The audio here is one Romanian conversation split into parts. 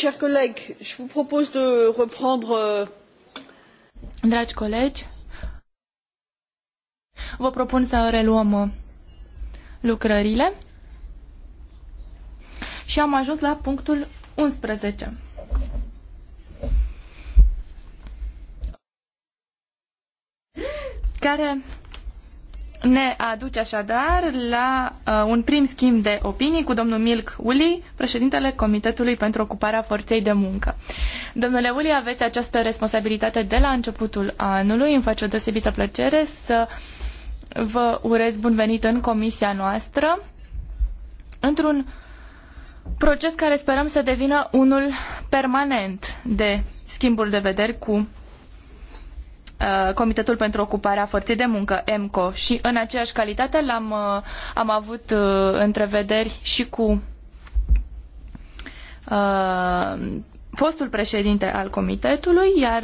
chers collègues je vous propose de reprendre euh, dragi colegi vă propun să reluăm uh, lucrările și am ajuns la punctul 11 care ne aduce așadar la uh, un prim schimb de opinii cu domnul Milk Uli, președintele Comitetului pentru Ocuparea Forței de Muncă. Domnule Uli, aveți această responsabilitate de la începutul anului. Îmi face o deosebită plăcere să vă urez bun venit în comisia noastră într-un proces care sperăm să devină unul permanent de schimburi de vederi cu Uh, Comitetul pentru Ocuparea Forței de Muncă, EMCO, și în aceeași calitate l-am uh, am avut uh, întrevederi și cu uh, fostul președinte al comitetului, iar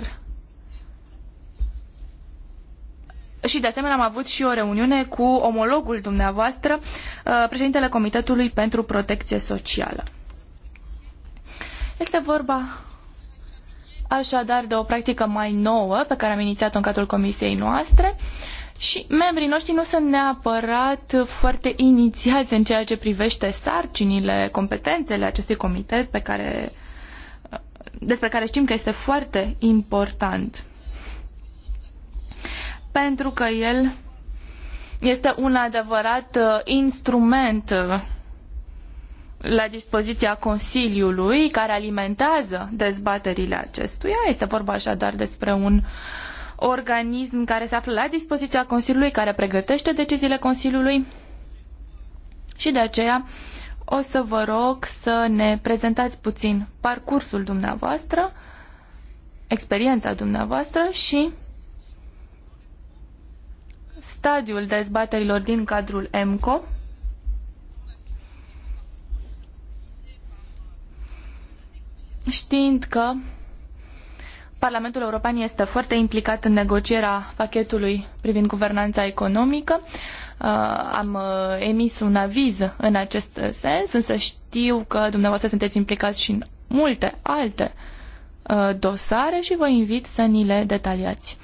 și de asemenea am avut și o reuniune cu omologul dumneavoastră, uh, președintele Comitetului pentru Protecție Socială. Este vorba așadar de o practică mai nouă pe care am inițiat-o în cadrul comisiei noastre și membrii noștri nu sunt neapărat foarte inițiați în ceea ce privește sarcinile, competențele acestui comitet pe care, despre care știm că este foarte important. Pentru că el este un adevărat uh, instrument uh, la dispoziția Consiliului care alimentează dezbaterile acestuia. Este vorba așadar despre un organism care se află la dispoziția Consiliului, care pregătește deciziile Consiliului și de aceea o să vă rog să ne prezentați puțin parcursul dumneavoastră, experiența dumneavoastră și stadiul dezbaterilor din cadrul MCO. știind că Parlamentul European este foarte implicat în negocierea pachetului privind guvernanța economică. Uh, am uh, emis un aviz în acest sens, însă știu că dumneavoastră sunteți implicați și în multe alte uh, dosare și vă invit să ni le detaliați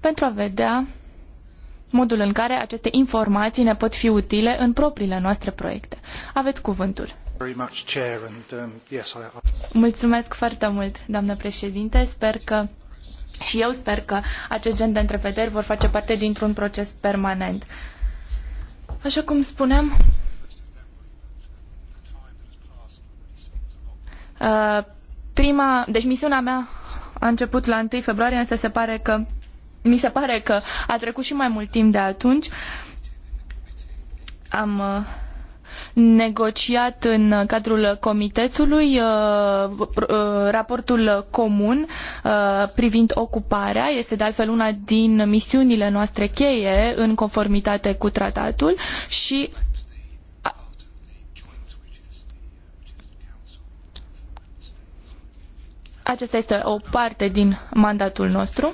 pentru a vedea modul în care aceste informații ne pot fi utile în propriile noastre proiecte. Aveți cuvântul. Um, Mulțumesc foarte mult, doamnă președinte. Sper că și eu sper că acest gen de întrevederi vor face parte dintr-un proces permanent. Așa cum spuneam, uh, prima, deci misiunea mea a început la 1 februarie, însă se pare că mi se pare că a trecut și mai mult timp de atunci. Am uh, negociat în cadrul comitetului uh, uh, raportul comun uh, privind ocuparea. Este de altfel una din misiunile noastre cheie în conformitate cu tratatul și aceasta este o parte din mandatul nostru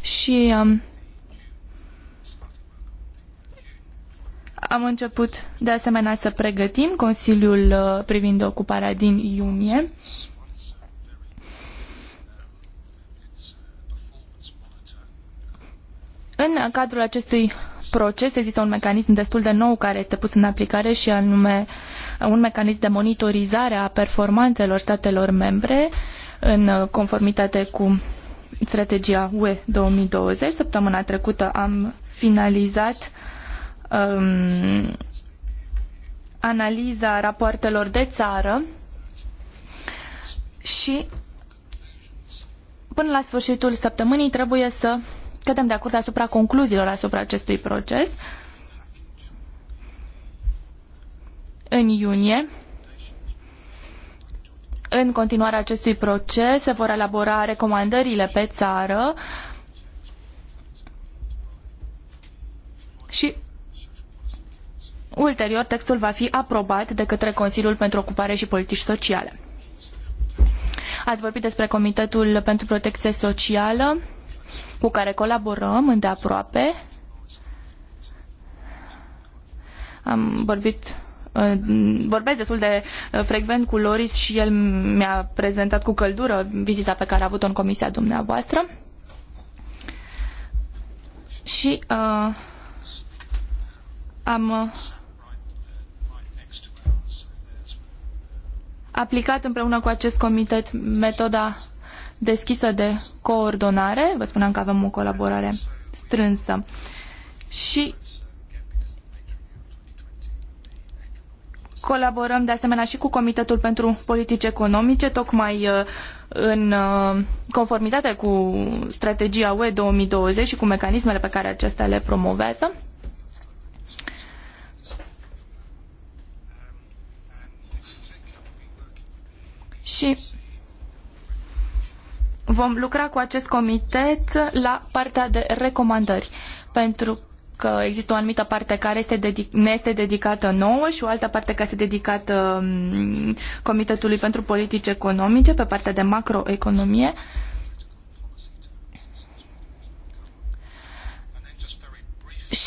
și um, Am început de asemenea să pregătim Consiliul uh, privind ocuparea din iunie. În cadrul acestui proces există un mecanism destul de nou care este pus în aplicare și anume un mecanism de monitorizare a performanțelor statelor membre în conformitate cu strategia UE 2020. Săptămâna trecută am finalizat um, analiza rapoartelor de țară și până la sfârșitul săptămânii trebuie să cădem de acord asupra concluziilor asupra acestui proces în iunie. În continuarea acestui proces se vor elabora recomandările pe țară și Ulterior, textul va fi aprobat de către Consiliul pentru Ocupare și Politici Sociale. Ați vorbit despre Comitetul pentru Protecție Socială, cu care colaborăm îndeaproape. Am vorbit vorbesc destul de uh, frecvent cu Loris și el mi-a prezentat cu căldură vizita pe care a avut-o în comisia dumneavoastră. Și uh, am uh, aplicat împreună cu acest comitet metoda deschisă de coordonare. Vă spuneam că avem o colaborare strânsă. Și colaborăm de asemenea și cu Comitetul pentru Politici Economice, tocmai uh, în uh, conformitate cu strategia UE 2020 și cu mecanismele pe care acestea le promovează. și vom lucra cu acest comitet la partea de recomandări, pentru că există o anumită parte care este dedic- ne este dedicată nouă și o altă parte care este dedicată um, Comitetului pentru Politici Economice pe partea de macroeconomie.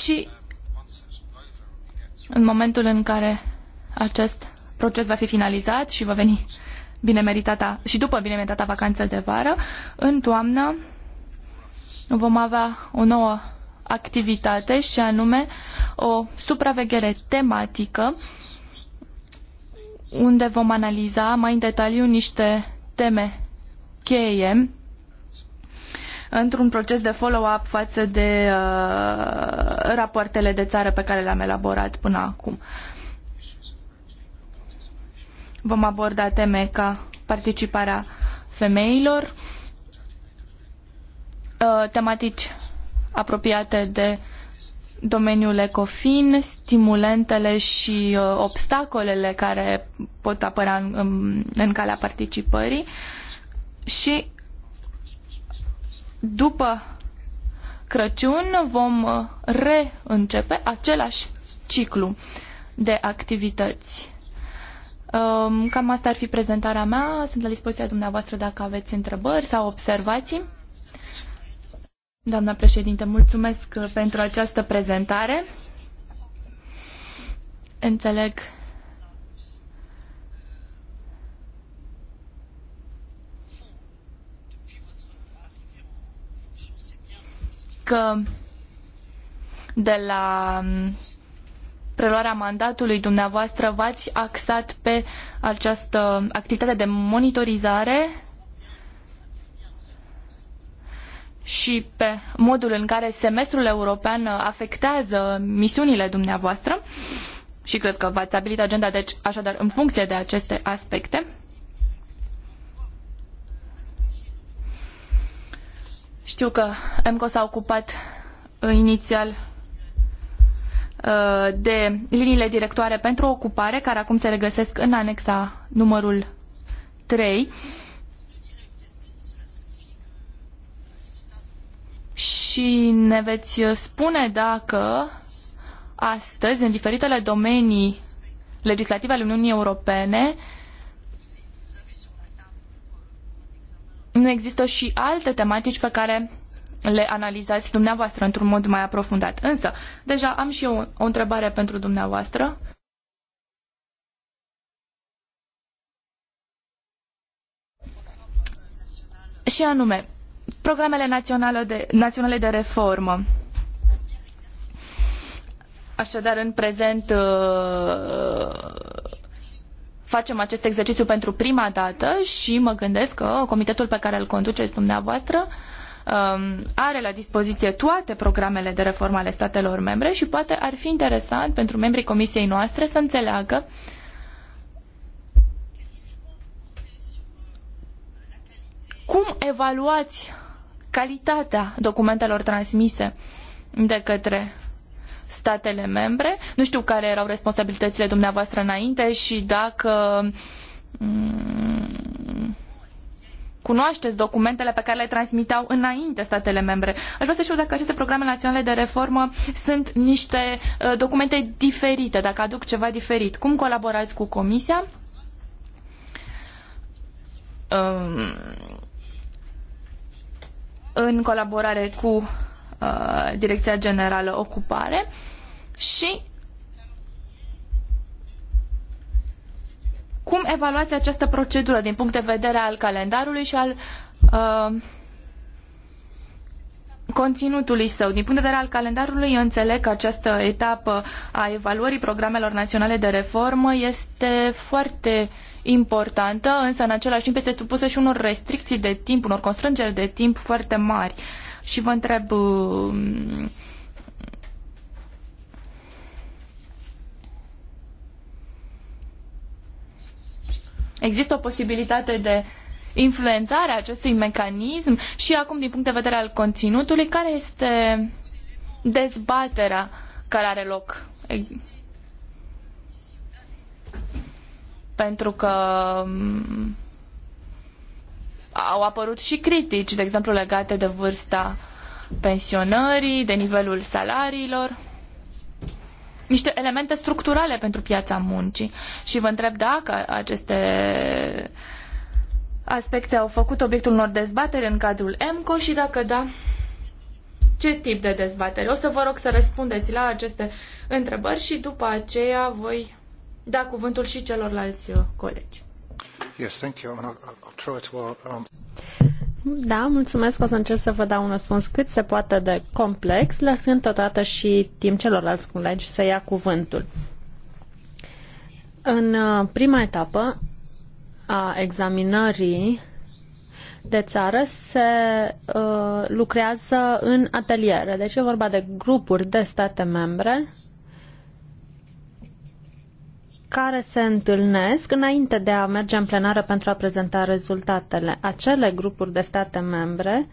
Și în momentul în care acest proces va fi finalizat și va veni binemeritata și după binemeritata vacanță de vară, în toamnă vom avea o nouă activitate și anume o supraveghere tematică unde vom analiza mai în detaliu niște teme cheie într-un proces de follow-up față de uh, rapoartele de țară pe care le-am elaborat până acum. Uh, Vom aborda teme ca participarea femeilor, ă, tematici apropiate de domeniul ecofin, stimulentele și ă, obstacolele care pot apărea în, în, în calea participării și după Crăciun vom ă, reîncepe același ciclu de activități Cam asta ar fi prezentarea mea. Sunt la dispoziția dumneavoastră dacă aveți întrebări sau observații. Doamna președinte, mulțumesc pentru această prezentare. Înțeleg că de la preluarea mandatului dumneavoastră v-ați axat pe această activitate de monitorizare și pe modul în care semestrul european afectează misiunile dumneavoastră și cred că v-ați stabilit agenda deci așadar în funcție de aceste aspecte. Știu că EMCO s-a ocupat inițial Uh, de liniile directoare pentru ocupare, care acum se regăsesc în anexa numărul 3. Și ne veți spune dacă astăzi, în diferitele domenii legislative ale Uniunii Europene, nu există și alte tematici pe care le analizați dumneavoastră într-un mod mai aprofundat. Însă, deja am și eu o întrebare pentru dumneavoastră. Și anume, programele naționale de, naționale de reformă. Așadar, în prezent uh, facem acest exercițiu pentru prima dată și mă gândesc că comitetul pe care îl conduceți dumneavoastră uh, Um, are la dispoziție toate programele de reformă ale statelor membre și poate ar fi interesant pentru membrii comisiei noastre să înțeleagă cum evaluați calitatea documentelor transmise de către statele membre. Nu știu care erau responsabilitățile dumneavoastră înainte și dacă mm, cunoașteți documentele pe care le transmiteau înainte statele membre. Aș vrea să știu dacă aceste programe naționale de reformă sunt niște uh, documente diferite, dacă aduc ceva diferit. Cum colaborați cu Comisia? Um, în colaborare cu uh, Direcția Generală Ocupare și Cum evaluați această procedură din punct de vedere al calendarului și al uh, conținutului său? Din punct de vedere al calendarului, eu înțeleg că această etapă a evaluării programelor naționale de reformă este foarte importantă, însă în același timp este supusă și unor restricții de timp, unor constrângeri de timp foarte mari. Și vă întreb... Uh, Există o posibilitate de influențare a acestui mecanism și acum din punct de vedere al conținutului, care este dezbaterea care are loc? Pentru că mm, au apărut și critici, de exemplu legate de vârsta pensionării, de nivelul salariilor niște elemente structurale pentru piața muncii. Și vă întreb dacă aceste aspecte au făcut obiectul unor dezbateri în cadrul EMCO și dacă da, ce tip de dezbateri? O să vă rog să răspundeți la aceste întrebări și după aceea voi da cuvântul și celorlalți uh, colegi. Yes, thank you. I'll, I'll try to, um... Da, mulțumesc. O să încerc să vă dau un răspuns cât se poate de complex, lăsând totodată și timp celorlalți colegi să ia cuvântul. În uh, prima etapă a examinării de țară se uh, lucrează în ateliere. Deci e vorba de grupuri de state membre care se întâlnesc înainte de a merge în plenară pentru a prezenta rezultatele. Acele grupuri de state membre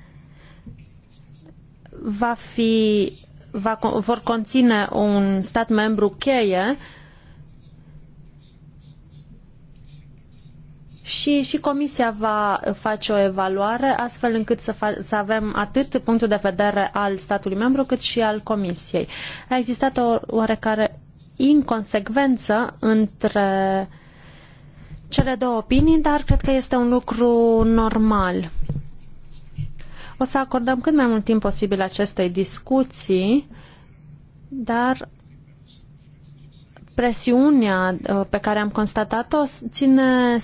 va fi, va, vor conține un stat membru cheie și, și Comisia va face o evaluare astfel încât să, să avem atât punctul de vedere al statului membru cât și al Comisiei. A existat o oarecare inconsecvență între cele două opinii, dar cred că este un lucru normal. O să acordăm cât mai mult timp posibil acestei discuții, dar presiunea uh, pe care am constatat-o ține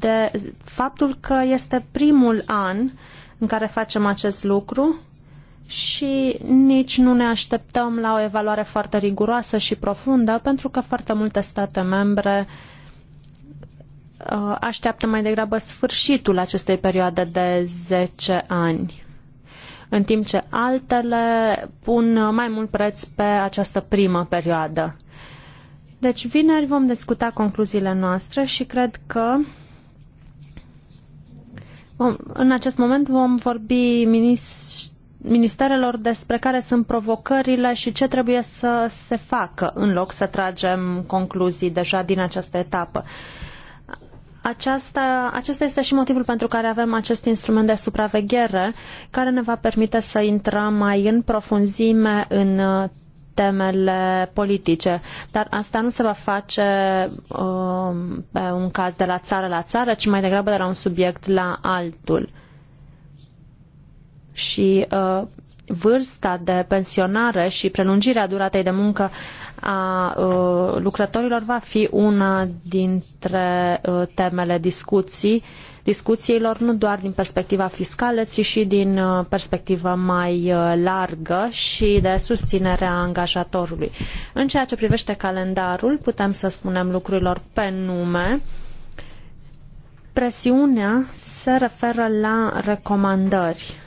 de faptul că este primul an în care facem acest lucru și nici nu ne așteptăm la o evaluare foarte riguroasă și profundă, pentru că foarte multe state membre uh, așteaptă mai degrabă sfârșitul acestei perioade de 10 ani în timp ce altele pun mai mult preț pe această primă perioadă. Deci vineri vom discuta concluziile noastre și cred că vom, în acest moment vom vorbi ministri ministerelor despre care sunt provocările și ce trebuie să se facă, în loc să tragem concluzii deja din această etapă. Aceasta, acesta este și motivul pentru care avem acest instrument de supraveghere care ne va permite să intrăm mai în profunzime în uh, temele politice. Dar asta nu se va face uh, pe un caz de la țară la țară, ci mai degrabă de la un subiect la altul și uh, vârsta de pensionare și prelungirea duratei de muncă a uh, lucrătorilor va fi una dintre uh, temele discuții, discuțiilor, nu doar din perspectiva fiscală, ci și din uh, perspectiva mai uh, largă și de susținerea angajatorului. În ceea ce privește calendarul, putem să spunem lucrurilor pe nume. Presiunea se referă la recomandări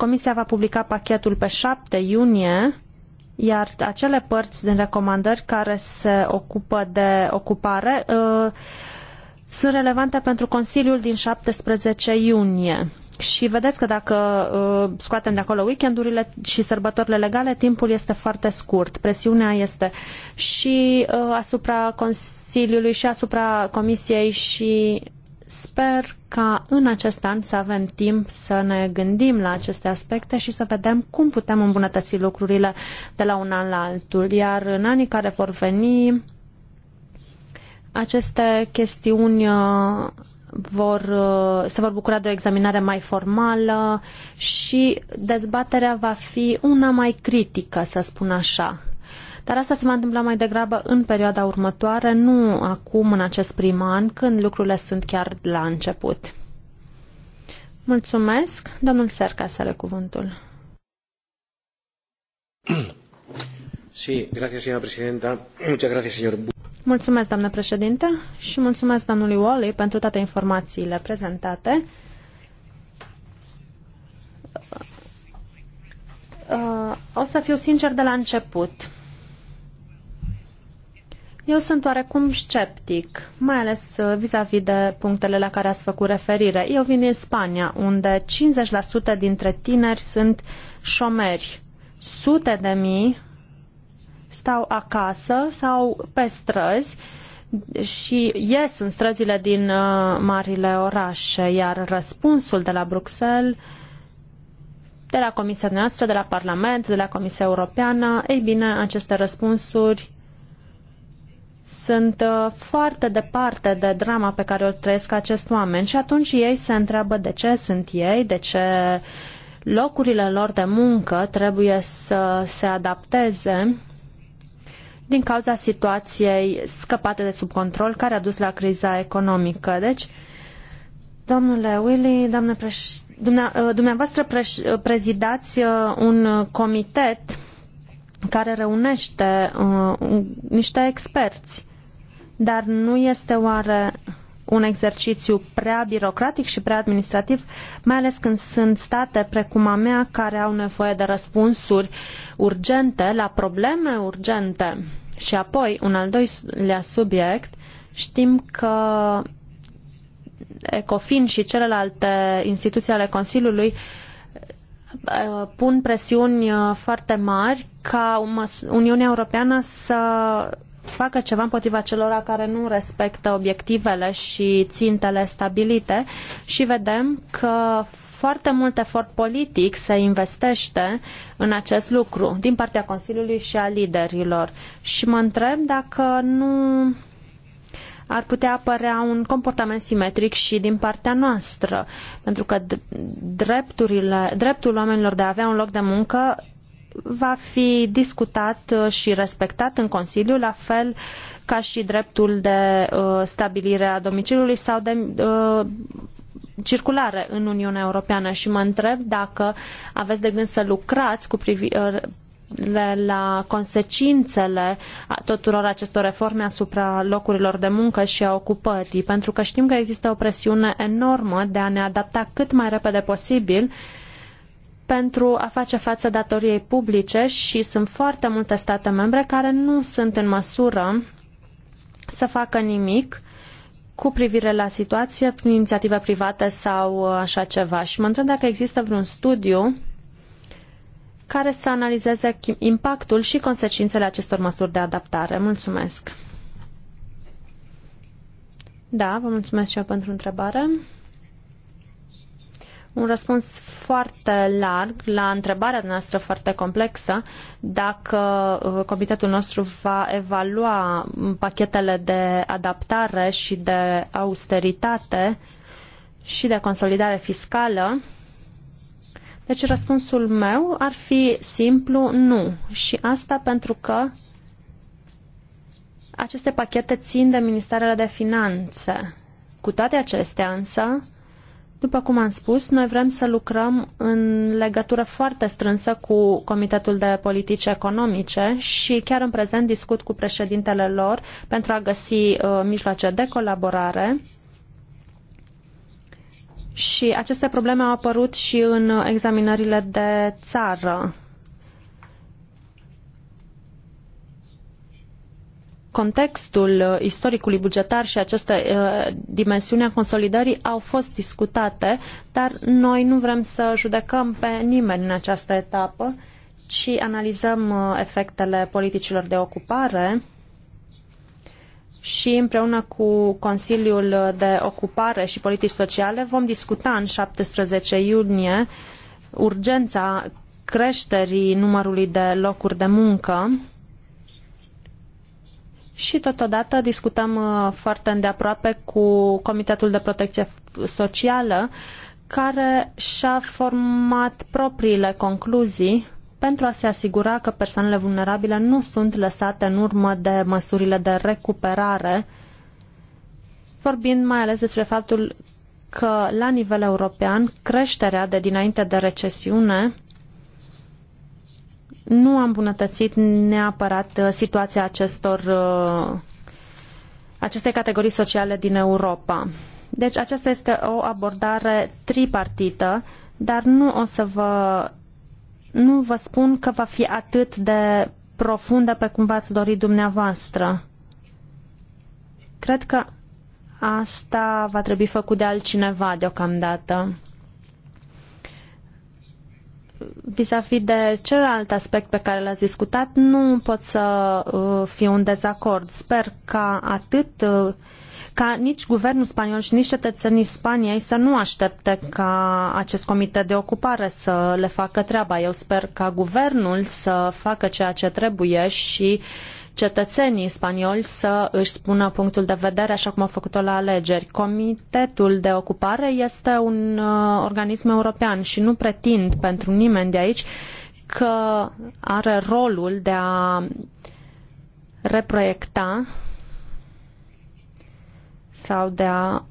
Comisia va publica pachetul pe 7 iunie, iar acele părți din recomandări care se ocupă de ocupare uh, sunt relevante pentru Consiliul din 17 iunie. Și vedeți că dacă uh, scoatem de acolo weekendurile și sărbătorile legale, timpul este foarte scurt. Presiunea este și uh, asupra Consiliului și asupra Comisiei și Sper ca în acest an să avem timp să ne gândim la aceste aspecte și să vedem cum putem îmbunătăți lucrurile de la un an la altul. Iar în anii care vor veni, aceste chestiuni uh, vor, uh, se vor bucura de o examinare mai formală și dezbaterea va fi una mai critică, să spun așa. Dar asta se va întâmpla mai degrabă în perioada următoare, nu acum, în acest prim an, când lucrurile sunt chiar la început. Mulțumesc. Domnul Serca să are cuvântul. Sí, gracias, señora presidenta. Muchas gracias, señor. Mulțumesc, doamnă președinte, și mulțumesc domnului Wally pentru toate informațiile prezentate. Uh, o să fiu sincer de la început. Eu sunt oarecum sceptic, mai ales uh, vis-a-vis -vis de punctele la care ați făcut referire. Eu vin din Spania, unde 50% dintre tineri sunt șomeri. Sute de mii stau acasă sau pe străzi și ies în străzile din uh, marile orașe, iar răspunsul de la Bruxelles, de la Comisia noastră, de la Parlament, de la Comisia Europeană, ei bine, aceste răspunsuri sunt uh, foarte departe de drama pe care o trăiesc acest oameni și atunci ei se întreabă de ce sunt ei, de ce locurile lor de muncă trebuie să se adapteze din cauza situației scăpate de sub control care a dus la criza economică. Deci, domnule Willy, doamne preș- uh, dumneavoastră preș- prezidați uh, un comitet care reunește uh, niște experți. Dar nu este oare un exercițiu prea birocratic și prea administrativ, mai ales când sunt state precum a mea care au nevoie de răspunsuri urgente la probleme urgente. Și apoi, un al doilea subiect, știm că ECOFIN și celelalte instituții ale Consiliului Uh, pun presiuni uh, foarte mari ca Uniunea Europeană să facă ceva împotriva celor care nu respectă obiectivele și țintele stabilite și vedem că foarte mult efort politic se investește în acest lucru din partea Consiliului și a liderilor. Și mă întreb dacă nu ar putea apărea un comportament simetric și din partea noastră, pentru că drepturile, dreptul oamenilor de a avea un loc de muncă va fi discutat și respectat în Consiliu, la fel ca și dreptul de uh, stabilire a domiciliului sau de uh, circulare în Uniunea Europeană și mă întreb dacă aveți de gând să lucrați cu uh, la consecințele tuturor acestor reforme asupra locurilor de muncă și a ocupării, pentru că știm că există o presiune enormă de a ne adapta cât mai repede posibil pentru a face față datoriei publice și sunt foarte multe state membre care nu sunt în măsură să facă nimic cu privire la situație prin inițiative private sau așa ceva. Și mă întreb dacă există vreun studiu care să analizeze impactul și consecințele acestor măsuri de adaptare. Mulțumesc! Da, vă mulțumesc și eu pentru întrebare. Un răspuns foarte larg la întrebarea noastră foarte complexă dacă uh, comitetul nostru va evalua pachetele de adaptare și de austeritate și de consolidare fiscală deci răspunsul meu ar fi simplu nu. Și asta pentru că aceste pachete țin de Ministerele de Finanțe. Cu toate acestea însă, după cum am spus, noi vrem să lucrăm în legătură foarte strânsă cu Comitetul de Politici Economice și chiar în prezent discut cu președintele lor pentru a găsi uh, mijloace de colaborare și aceste probleme au apărut și în examinările de țară. contextul istoricului bugetar și această uh, dimensiune a consolidării au fost discutate, dar noi nu vrem să judecăm pe nimeni în această etapă, ci analizăm uh, efectele politicilor de ocupare și împreună cu Consiliul de Ocupare și Politici Sociale vom discuta în 17 iunie urgența creșterii numărului de locuri de muncă și totodată discutăm uh, foarte îndeaproape cu Comitetul de Protecție Socială care și-a format propriile concluzii pentru a se asigura că persoanele vulnerabile nu sunt lăsate în urmă de măsurile de recuperare, vorbind mai ales despre faptul că la nivel european creșterea de dinainte de recesiune nu a îmbunătățit neapărat uh, situația acestor uh, aceste categorii sociale din Europa. Deci aceasta este o abordare tripartită, dar nu o să vă nu vă spun că va fi atât de profundă pe cum v-ați dorit dumneavoastră. Cred că asta va trebui făcut de altcineva deocamdată. Vis-a-vis de celălalt aspect pe care l-ați discutat, nu pot să uh, fiu un dezacord. Sper ca atât uh, ca nici guvernul spaniol și nici cetățenii Spaniei să nu aștepte ca acest comitet de ocupare să le facă treaba. Eu sper ca guvernul să facă ceea ce trebuie și cetățenii spanioli să își spună punctul de vedere așa cum au făcut-o la alegeri. Comitetul de ocupare este un uh, organism european și nu pretind pentru nimeni de aici că are rolul de a reproiecta sau de a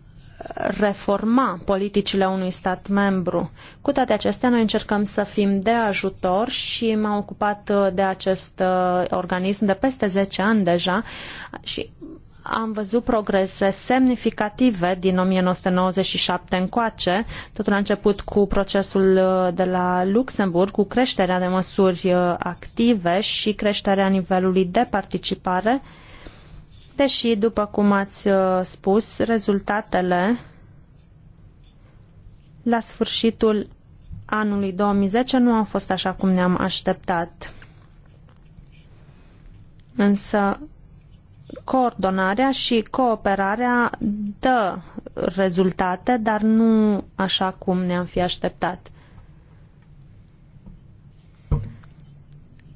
reforma politicile unui stat membru. Cu toate acestea, noi încercăm să fim de ajutor și m-am ocupat uh, de acest uh, organism de peste 10 ani deja și am văzut progrese semnificative din 1997 încoace. Totul a început cu procesul uh, de la Luxemburg, cu creșterea de măsuri active și creșterea nivelului de participare parte și, după cum ați uh, spus, rezultatele la sfârșitul anului 2010 nu au fost așa cum ne-am așteptat. Însă coordonarea și cooperarea dă rezultate, dar nu așa cum ne-am fi așteptat.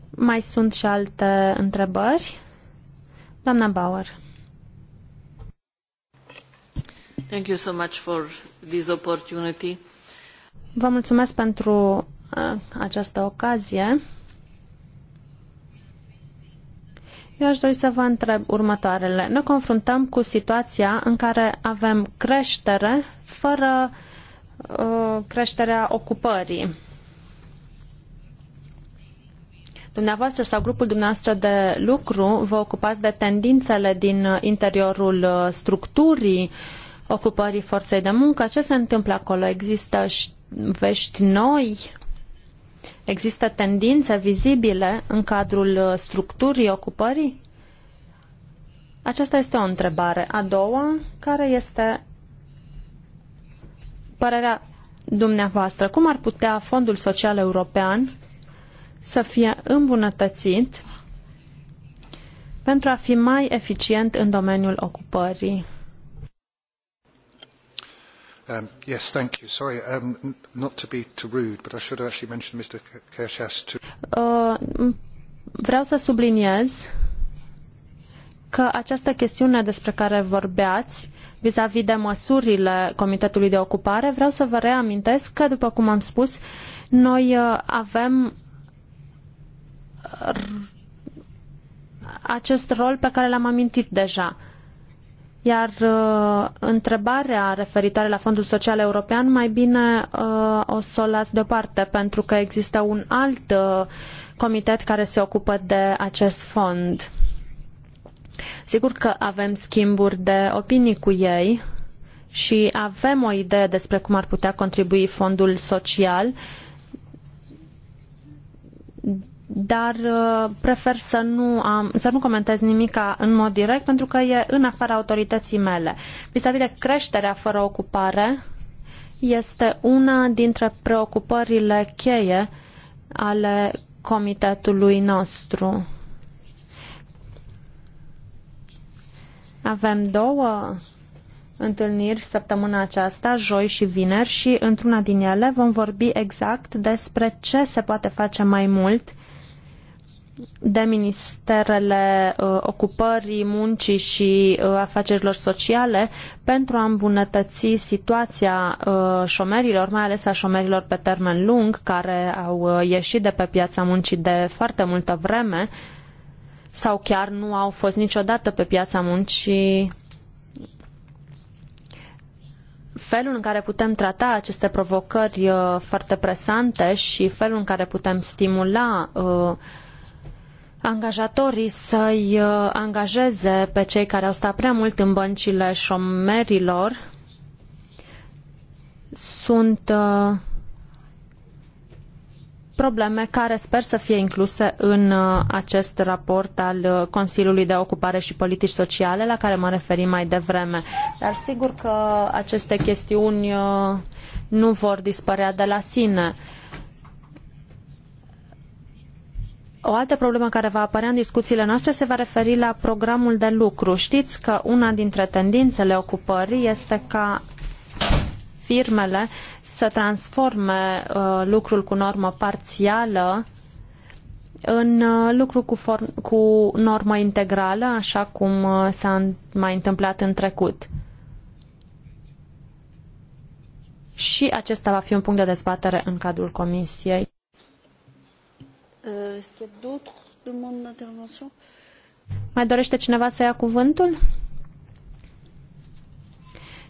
Mai sunt și alte întrebări? Doamna Bauer. Vă mulțumesc pentru uh, această ocazie. Eu aș dori să vă întreb următoarele. Ne confruntăm cu situația în care avem creștere fără uh, creșterea ocupării. Dumneavoastră sau grupul dumneavoastră de lucru vă ocupați de tendințele din interiorul uh, structurii ocupării forței de muncă. Ce se întâmplă acolo? Există vești noi? Există tendințe vizibile în cadrul uh, structurii ocupării? Aceasta este o întrebare. A doua, care este părerea dumneavoastră? Cum ar putea Fondul Social European să fie îmbunătățit pentru a fi mai eficient în domeniul ocupării. Um, yes, thank you. Sorry, um, not to be too rude, but I should have actually mentioned Mr. Kershas too. Uh, vreau să subliniez că această chestiune despre care vorbeați vis-a-vis -vis de măsurile Comitetului de Ocupare, vreau să vă reamintesc că, după cum am spus, noi uh, avem acest rol pe care l-am amintit deja. Iar uh, întrebarea referitoare la Fondul Social European, mai bine uh, o să o las deoparte, pentru că există un alt uh, comitet care se ocupă de acest fond. Sigur că avem schimburi de opinii cu ei și avem o idee despre cum ar putea contribui fondul social, dar uh, prefer să nu, am, să nu comentez nimic în mod direct pentru că e în afara autorității mele. Vis-a-vis de creșterea fără ocupare, este una dintre preocupările cheie ale comitetului nostru. Avem două întâlniri săptămâna aceasta, joi și vineri, și într-una din ele vom vorbi exact despre ce se poate face mai mult uh, de ministerele uh, ocupării, muncii și uh, afacerilor sociale pentru a îmbunătăți situația uh, șomerilor, mai ales a șomerilor pe termen lung, care au ieșit de pe piața muncii de foarte multă vreme sau chiar nu au fost niciodată pe piața muncii felul în care putem trata aceste provocări foarte presante și felul în care putem stimula angajatorii să-i uh, angajeze pe cei care au stat prea mult în băncile șomerilor sunt uh, probleme care sper să fie incluse în uh, acest raport al Consiliului de Ocupare și Politici Sociale, la care mă referim mai devreme. Dar sigur că aceste chestiuni nu vor dispărea de la sine. O altă problemă care va apărea în discuțiile noastre se va referi la programul de lucru. Știți că una dintre tendințele ocupării este ca firmele să transforme uh, lucrul cu normă parțială în uh, lucru cu, cu normă integrală, așa cum uh, s-a mai întâmplat în trecut. Și acesta va fi un punct de dezbatere în cadrul comisiei. Euh, Mai dorește cineva să ia cuvântul?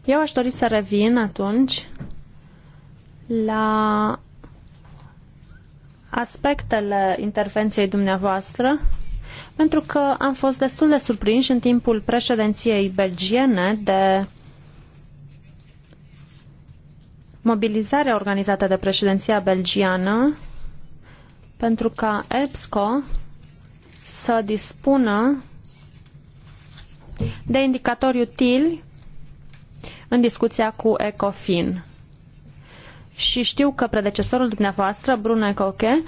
Eu aș dori să revin atunci la aspectele intervenției dumneavoastră, pentru că am fost destul de surprinși în timpul președinției belgiene de mobilizarea organizată de președinția belgiană pentru ca EBSCO să dispună de indicatori utili în discuția cu ECOFIN. Și știu că predecesorul dumneavoastră, Bruno Ecoche,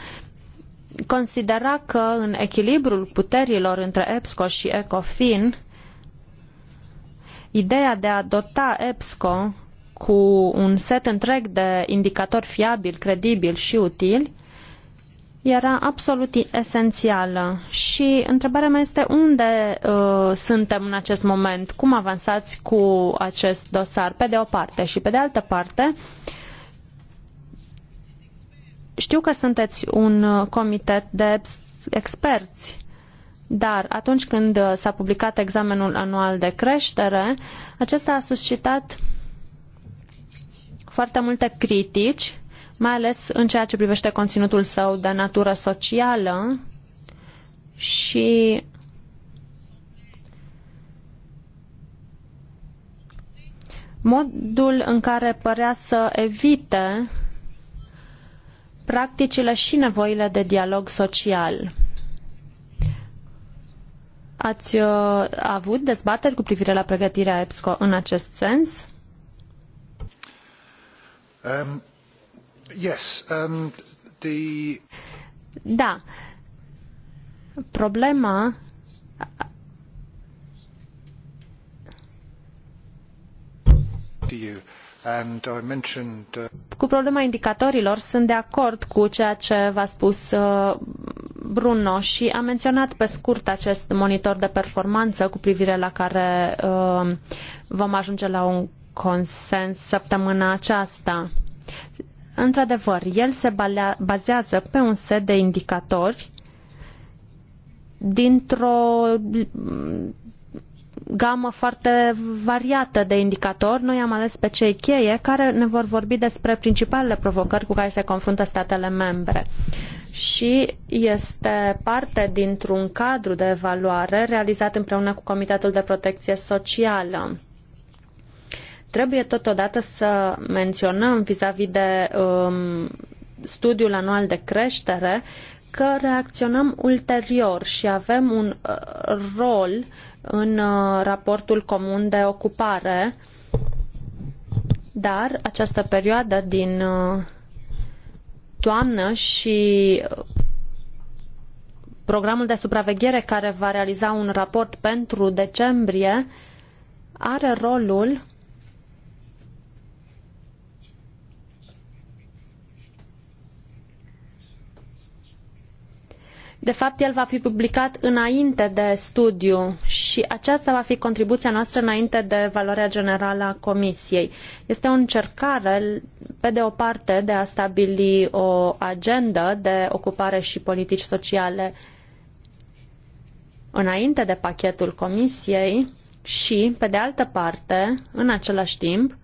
considera că în echilibrul puterilor între EBSCO și ECOFIN, ideea de a dota EBSCO cu un set întreg de indicatori fiabili, credibili și utili, era absolut esențială și întrebarea mea este unde uh, suntem în acest moment, cum avansați cu acest dosar, pe de o parte și pe de altă parte. Știu că sunteți un uh, comitet de experți, dar atunci când uh, s-a publicat examenul anual de creștere, acesta a suscitat foarte multe critici mai ales în ceea ce privește conținutul său de natură socială și modul în care părea să evite practicile și nevoile de dialog social. Ați uh, avut dezbateri cu privire la pregătirea EPSCO în acest sens? Um. Yes, um, the... Da. Problema uh, Cu problema indicatorilor sunt de acord cu ceea ce v-a spus uh, Bruno și a menționat pe scurt acest monitor de performanță cu privire la care uh, vom ajunge la un consens săptămâna aceasta. Într-adevăr, el se bazează pe un set de indicatori dintr-o gamă foarte variată de indicatori. Noi am ales pe cei cheie care ne vor vorbi despre principalele provocări cu care se confruntă statele membre. Și este parte dintr-un cadru de evaluare realizat împreună cu Comitetul de Protecție Socială. Trebuie totodată să menționăm vis-a-vis -vis de um, studiul anual de creștere că reacționăm ulterior și avem un uh, rol în uh, raportul comun de ocupare, dar această perioadă din uh, toamnă și uh, programul de supraveghere care va realiza un raport pentru decembrie are rolul De fapt, el va fi publicat înainte de studiu și aceasta va fi contribuția noastră înainte de valoarea generală a Comisiei. Este o încercare, pe de o parte, de a stabili o agendă de ocupare și politici sociale înainte de pachetul Comisiei și, pe de altă parte, în același timp,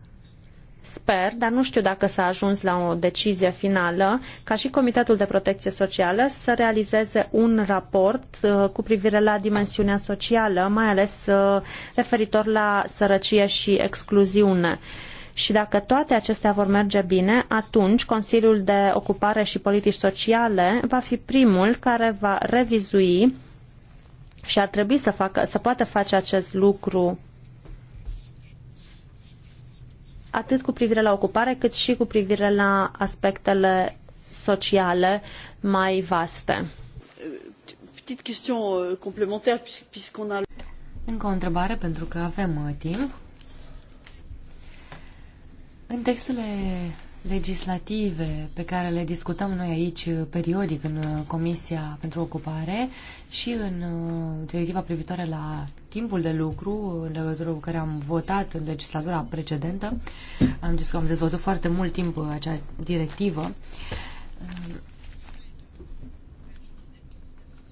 Sper, dar nu știu dacă s-a ajuns la o decizie finală, ca și Comitetul de Protecție Socială să realizeze un raport uh, cu privire la dimensiunea socială, mai ales uh, referitor la sărăcie și excluziune. Și dacă toate acestea vor merge bine, atunci Consiliul de Ocupare și Politici Sociale va fi primul care va revizui și ar trebui să, facă, să poată face acest lucru atât cu privire la ocupare, cât și cu privire la aspectele sociale mai vaste. Petite question euh, complémentaire puisqu'on a Încă o întrebare pentru că avem uh, timp. În textele legislative pe care le discutăm noi aici uh, periodic în uh, Comisia pentru Ocupare și în uh, directiva privitoare la timpul de lucru, în legătură cu care am votat în legislatura precedentă, am zis că am dezvoltat foarte mult timp acea directivă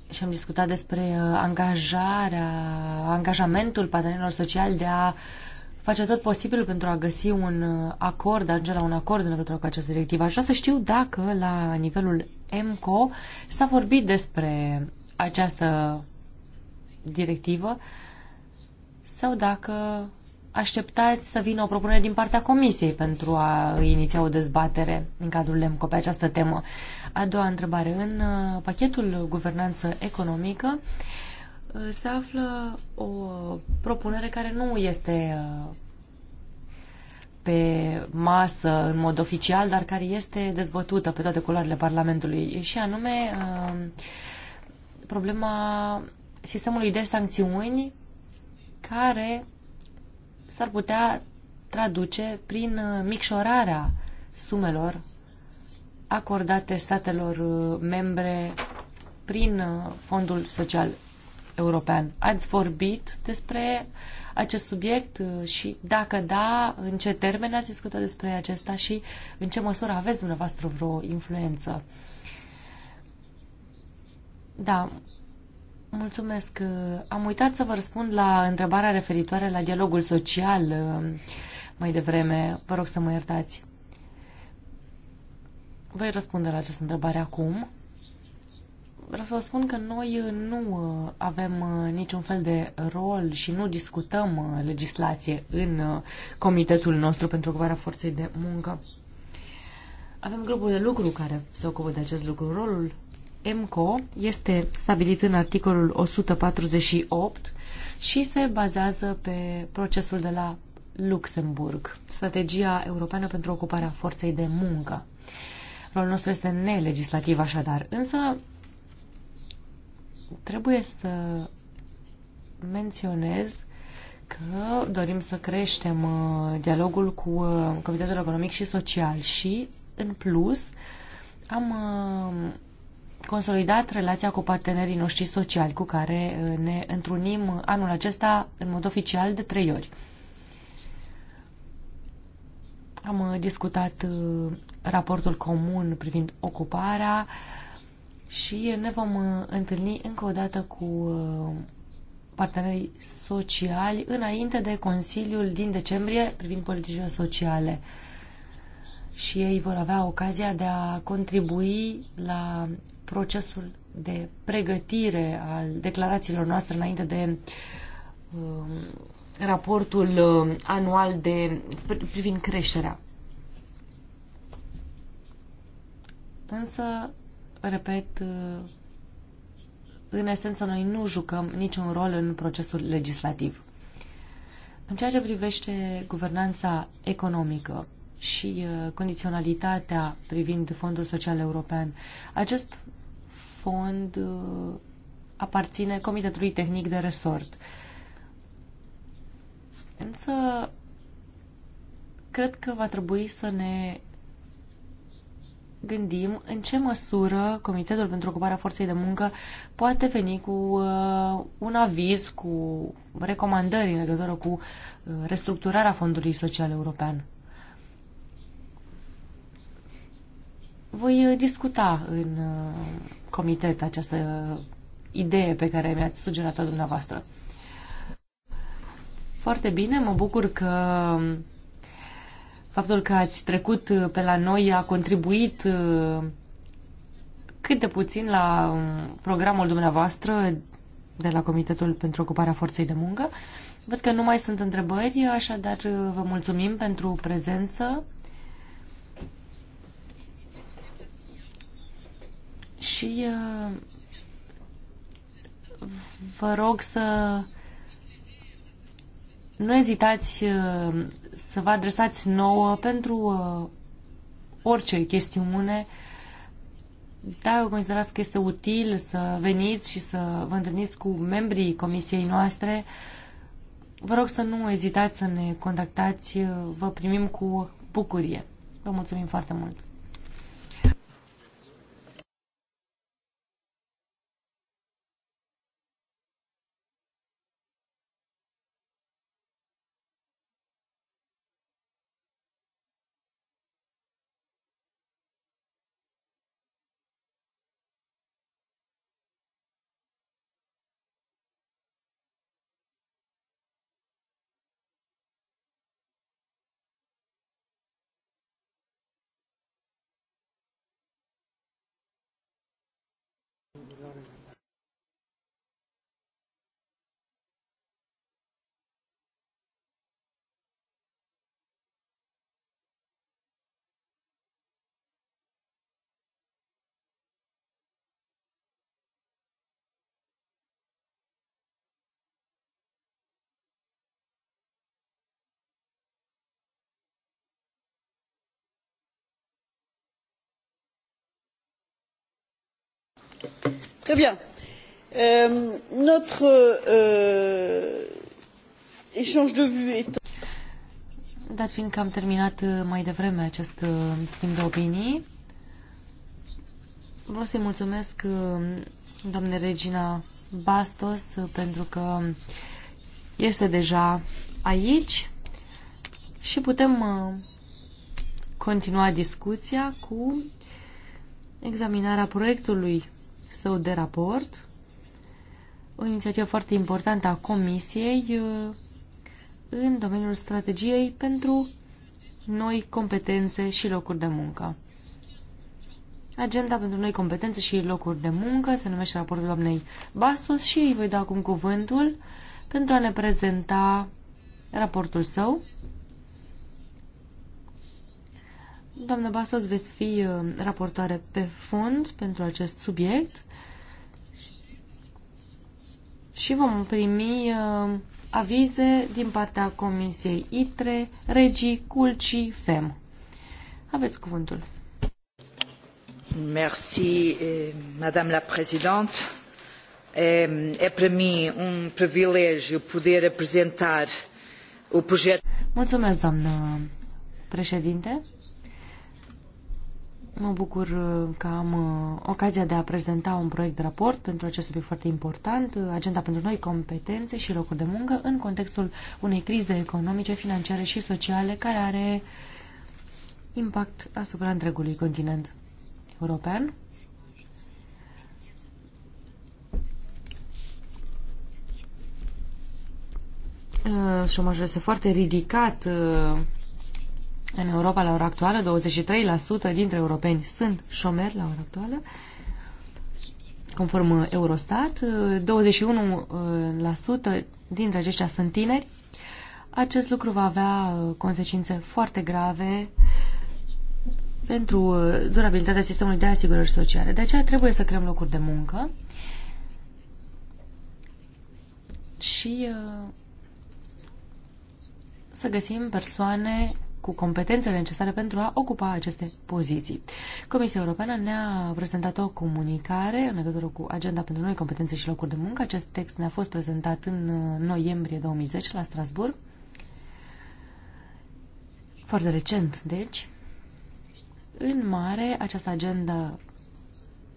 și am discutat despre angajarea, angajamentul patronilor sociali de a uh, face tot posibilul pentru a găsi un uh, acord, ajunge la un acord în cu această directivă. Aș vrea să știu dacă la nivelul MCO s-a vorbit despre această directivă sau dacă așteptați să vină o propunere din partea Comisiei pentru a iniția o dezbatere în cadrul LEMCO pe această temă. A doua întrebare. În uh, pachetul guvernanță economică Uh, se află o propunere care nu este uh, pe masă în mod oficial, dar care este dezbătută pe toate culoarele Parlamentului, și anume uh, problema sistemului de sancțiuni care s-ar putea traduce prin micșorarea sumelor acordate statelor membre prin Fondul Social european. Ați vorbit despre acest subiect uh, și dacă da, în ce termen ați discutat despre acesta și în ce măsură aveți dumneavoastră vreo influență? Da, mulțumesc. Uh, am uitat să vă răspund la întrebarea referitoare la dialogul social uh, mai devreme. Vă rog să mă iertați. Voi răspunde la această întrebare acum vreau să vă spun că noi uh, nu uh, avem uh, niciun fel de rol și nu discutăm legislație în comitetul nostru pentru ocuparea forței de muncă. Avem grupul de lucru care se ocupă de acest lucru. Rolul MCO este stabilit în articolul 148 și se bazează pe procesul de la Luxemburg, strategia europeană pentru ocuparea forței de muncă. Rolul nostru este nelegislativ așadar, însă trebuie să menționez că dorim să creștem uh, dialogul cu uh, Comitetul Economic și Social și, în plus, am uh, consolidat relația cu partenerii noștri sociali cu care ne întrunim anul acesta în mod oficial de trei ori. Am discutat raportul comun privind ocuparea, și ne vom uh, întâlni încă o dată cu uh, partenerii sociali înainte de Consiliul din decembrie privind politicile sociale. Și ei vor avea ocazia de a contribui la procesul de pregătire al declarațiilor noastre înainte de um, raportul uh, anual de privind creșterea. Însă repet, în esență noi nu jucăm niciun rol în procesul legislativ. În ceea ce privește guvernanța economică și uh, condiționalitatea privind Fondul Social European, acest fond uh, aparține Comitetului Tehnic de Resort. Însă, cred că va trebui să ne gândim în ce măsură Comitetul pentru Ocuparea Forței de Muncă poate veni cu uh, un aviz, cu recomandări în legătură cu uh, restructurarea Fondului Social European. Voi uh, discuta în uh, comitet această idee pe care mi-ați sugerat-o dumneavoastră. Foarte bine, mă bucur că Faptul că ați trecut uh, pe la noi a contribuit uh, cât de puțin la um, programul dumneavoastră de la Comitetul pentru Ocuparea Forței de Muncă. Văd că nu mai sunt întrebări, așadar uh, vă mulțumim pentru prezență. Și vă rog să nu ezitați uh, să vă adresați nouă pentru uh, orice chestiune. Dacă considerați că este util să veniți și să vă întâlniți cu membrii comisiei noastre, vă rog să nu ezitați să ne contactați, uh, vă primim cu bucurie. Vă mulțumim foarte mult! Très bien. Euh, notre euh, échange de vues est... Dat fiind că am terminat uh, mai devreme acest uh, schimb de opinii, vreau să-i mulțumesc uh, doamne Regina Bastos pentru că este deja aici și putem continua discuția cu examinarea proiectului său de raport, o inițiativă foarte importantă a Comisiei uh, în domeniul strategiei pentru noi competențe și locuri de muncă. Agenda pentru noi competențe și locuri de muncă se numește raportul doamnei Bastos și îi voi da acum cuvântul pentru a ne prezenta raportul său Doamna Bastos, veți fi uh, raportoare pe fond pentru acest subiect și vom primi uh, avize din partea Comisiei ITRE, Regii, Culci, FEM. Aveți cuvântul. Merci, eh, Madame la Présidente. Eh, é para mim um privilégio poder apresentar o projeto. Mulțumesc, doamnă președinte. Mă bucur uh, că am uh, ocazia de a prezenta un proiect de raport pentru acest subiect foarte important, uh, agenda pentru noi, competențe și locuri de muncă, în contextul unei crize economice, financiare și sociale care are impact asupra întregului continent european. Șomajul este foarte ridicat în Europa, la ora actuală, 23% dintre europeni sunt șomeri la ora actuală, conform uh, Eurostat. 21% uh, uh, dintre aceștia sunt tineri. Acest lucru va avea consecințe foarte grave pentru durabilitatea sistemului de asigurări sociale. De aceea trebuie să creăm locuri de muncă și să găsim persoane cu competențele necesare pentru a ocupa aceste poziții. Comisia Europeană ne-a prezentat o comunicare în legătură cu agenda pentru noi competențe și locuri de muncă. Acest text ne-a fost prezentat în uh, noiembrie 2010 la Strasburg. Foarte recent, deci. În mare, această agenda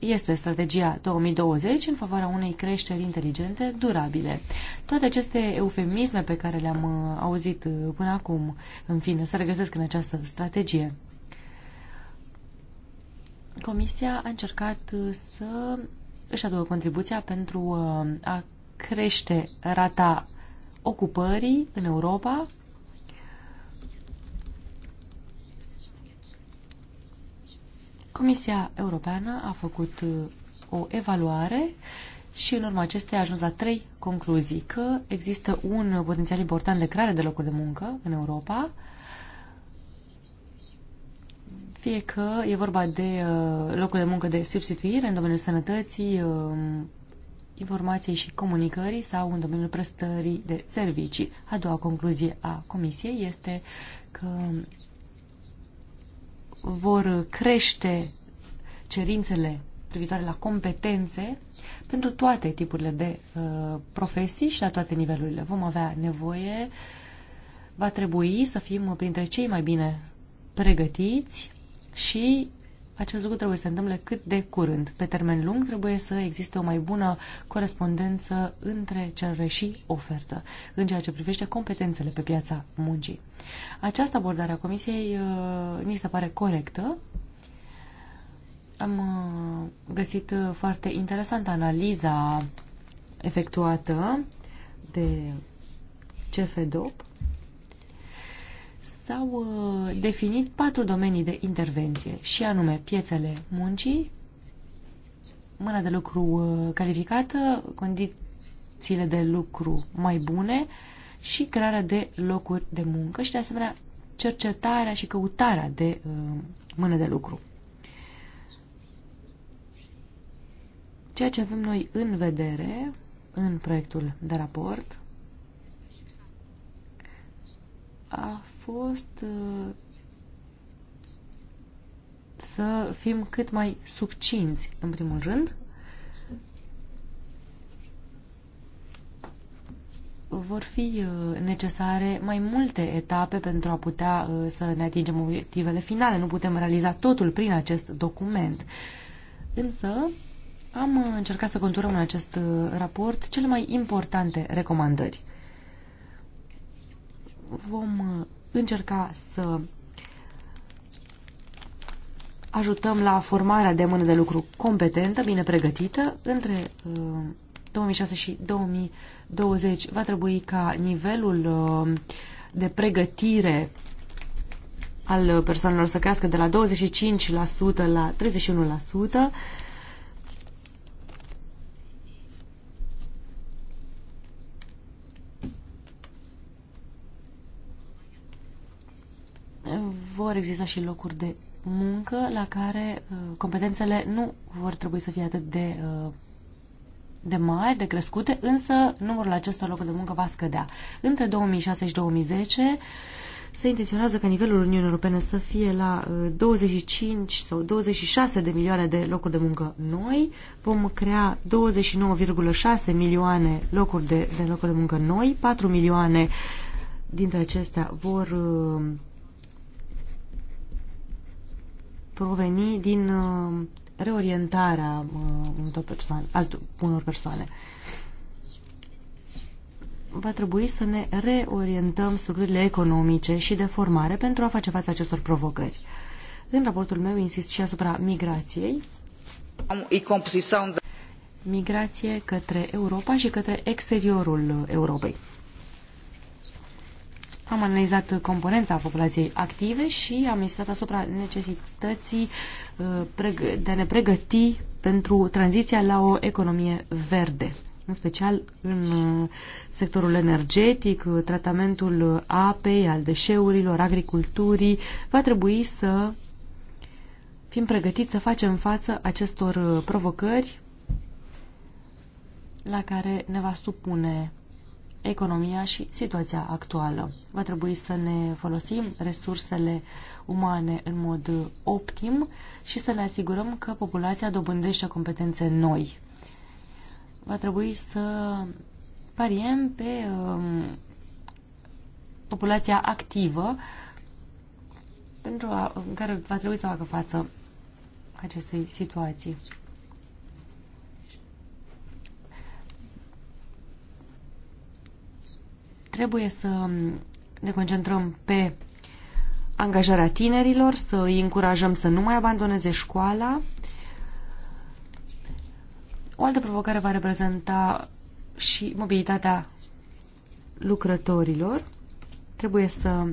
este strategia 2020 în favoarea unei creșteri inteligente, durabile. Toate aceste eufemisme pe care le-am uh, auzit uh, până acum, în fine, se regăsesc în această strategie. Comisia a încercat uh, să își aducă contribuția pentru a crește rata ocupării în Europa Comisia Europeană a făcut uh, o evaluare și în urma acesteia a ajuns la trei concluzii. Că există un potențial important de creare de locuri de muncă în Europa, fie că e vorba de uh, locuri de muncă de substituire în domeniul sănătății, um, informației și comunicării sau în domeniul prestării de servicii. A doua concluzie a Comisiei este că vor crește cerințele privitoare la competențe pentru toate tipurile de uh, profesii și la toate nivelurile. Vom avea nevoie, va trebui să fim printre cei mai bine pregătiți și acest lucru trebuie să se întâmple cât de curând. Pe termen lung trebuie să existe o mai bună corespondență între cerere și ofertă în ceea ce privește competențele pe piața muncii. Această abordare a Comisiei uh, ni se pare corectă. Am uh, găsit uh, foarte interesantă analiza efectuată de CFDOP s-au uh, definit patru domenii de intervenție, și anume piețele muncii, mâna de lucru uh, calificată, condițiile de lucru mai bune și crearea de locuri de muncă și, de asemenea, cercetarea și căutarea de uh, mână de lucru. Ceea ce avem noi în vedere în proiectul de raport a fost uh, să fim cât mai subcinți, în primul rând. Vor fi uh, necesare mai multe etape pentru a putea uh, să ne atingem obiectivele finale. Nu putem realiza totul prin acest document. Însă, am încercat să conturăm în acest raport cele mai importante recomandări vom uh, încerca să ajutăm la formarea de mână de lucru competentă, bine pregătită. Între 2006 uh, și 2020 va trebui ca nivelul uh, de pregătire al persoanelor să crească de la 25% la 31%. vor exista și locuri de muncă la care uh, competențele nu vor trebui să fie atât de, uh, de mari, de crescute, însă numărul acestor locuri de muncă va scădea. Între 2006 și 2010 se intenționează ca nivelul Uniunii Europene să fie la 25 uh, sau 26 de milioane de locuri de muncă noi. Vom crea 29,6 milioane locuri de, de locuri de muncă noi, 4 milioane dintre acestea vor proveni din uh, reorientarea uh, unor persoane, unor persoane. Va trebui să ne reorientăm structurile economice și de formare pentru a face față acestor provocări. În raportul meu insist și asupra migrației. Migrație către Europa și către exteriorul Europei. Am analizat componența populației active și am insistat asupra necesității uh, de a ne pregăti pentru tranziția la o economie verde în special în uh, sectorul energetic, uh, tratamentul apei, al deșeurilor, agriculturii, va trebui să fim pregătiți să facem față acestor provocări la care ne va supune economia și situația actuală. Va trebui să ne folosim resursele umane în mod optim și să ne asigurăm că populația dobândește competențe noi. Va trebui să pariem pe um, populația activă pentru a, care va trebui să facă față acestei situații. Trebuie să ne concentrăm pe angajarea tinerilor, să îi încurajăm să nu mai abandoneze școala. O altă provocare va reprezenta și mobilitatea lucrătorilor. Trebuie să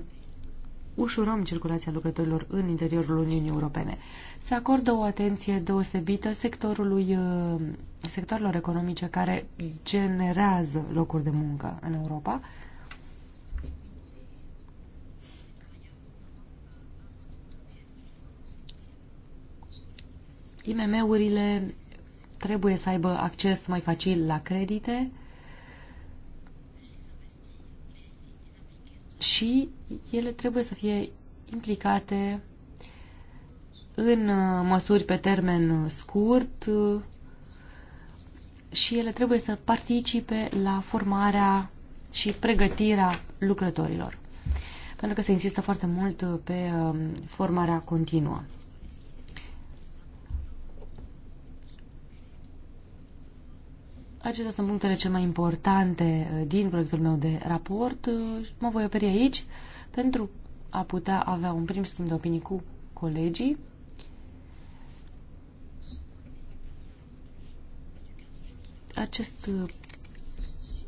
ușurăm circulația lucrătorilor în interiorul Uniunii Europene. Se acordă o atenție deosebită sectorului, uh, sectorilor economice care generează locuri de muncă în Europa. IMM-urile trebuie să aibă acces mai facil la credite și ele trebuie să fie implicate în uh, măsuri pe termen uh, scurt uh, și ele trebuie să participe la formarea și pregătirea lucrătorilor. Pentru că se insistă foarte mult pe formarea continuă. Acestea sunt punctele cele mai importante uh, din proiectul meu de raport. Uh, mă voi opri aici pentru a putea avea un prim schimb de opinii cu colegii. Acest uh,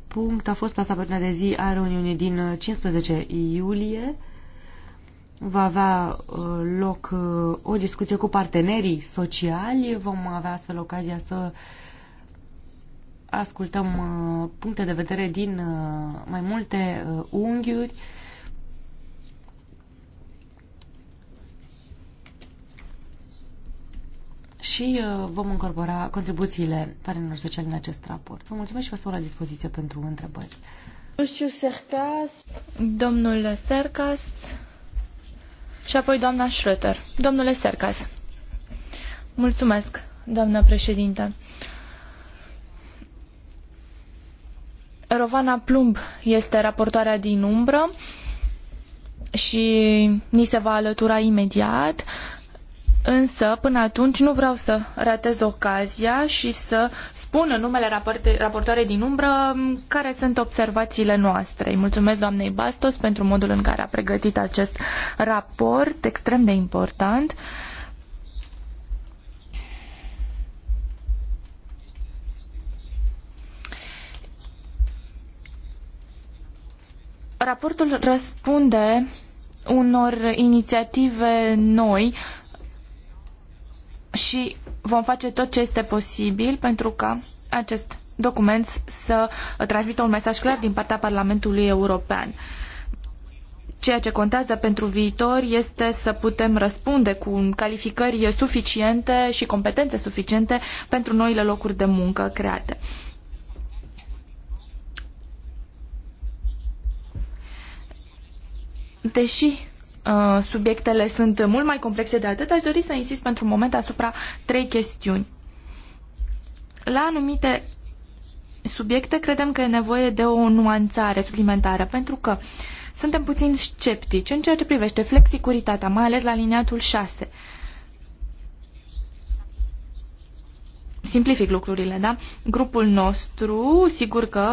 punct a fost plasat pe de zi a reuniunii din 15 iulie. Va avea loc o discuție cu partenerii sociali. Vom avea astfel ocazia să ascultăm uh, puncte de vedere din uh, mai multe uh, unghiuri. Și vom incorpora contribuțiile parenilor sociale în acest raport. Vă mulțumesc și vă stau la dispoziție pentru întrebări. Domnul Sercas și apoi doamna Schröter. Domnule Sercas, mulțumesc, doamnă președinte. Rovana Plumb este raportoarea din umbră și ni se va alătura imediat. Însă, până atunci, nu vreau să ratez ocazia și să spun în numele raportoarei din umbră care sunt observațiile noastre. Îi mulțumesc doamnei Bastos pentru modul în care a pregătit acest raport extrem de important. Uh, Raportul răspunde unor inițiative noi și vom face tot ce este posibil pentru ca acest document să transmită un mesaj clar din partea Parlamentului European. Ceea ce contează pentru viitor este să putem răspunde cu calificări suficiente și competențe suficiente pentru noile locuri de muncă create. Deși uh, subiectele sunt mult mai complexe de atât, aș dori să insist pentru un moment asupra trei chestiuni. La anumite subiecte credem că e nevoie de o nuanțare suplimentară, pentru că suntem puțin sceptici în ceea ce privește flexicuritatea, mai ales la liniatul 6. simplific lucrurile, da? Grupul nostru, sigur că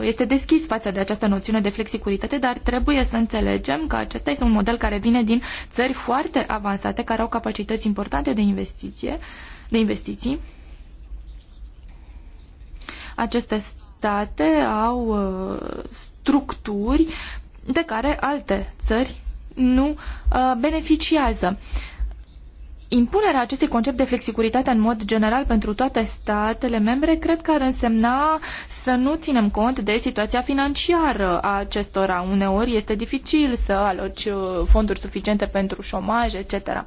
uh, este deschis față de această noțiune de flexicuritate, dar trebuie să înțelegem că acesta este un model care vine din țări foarte avansate, care au capacități importante de investiție, de investiții. Aceste state au uh, structuri de care alte țări nu uh, beneficiază. Impunerea acestui concept de flexicuritate în mod general pentru toate statele membre cred că ar însemna să nu ținem cont de situația financiară a acestora. Uneori este dificil să aloci uh, fonduri suficiente pentru șomaj, etc.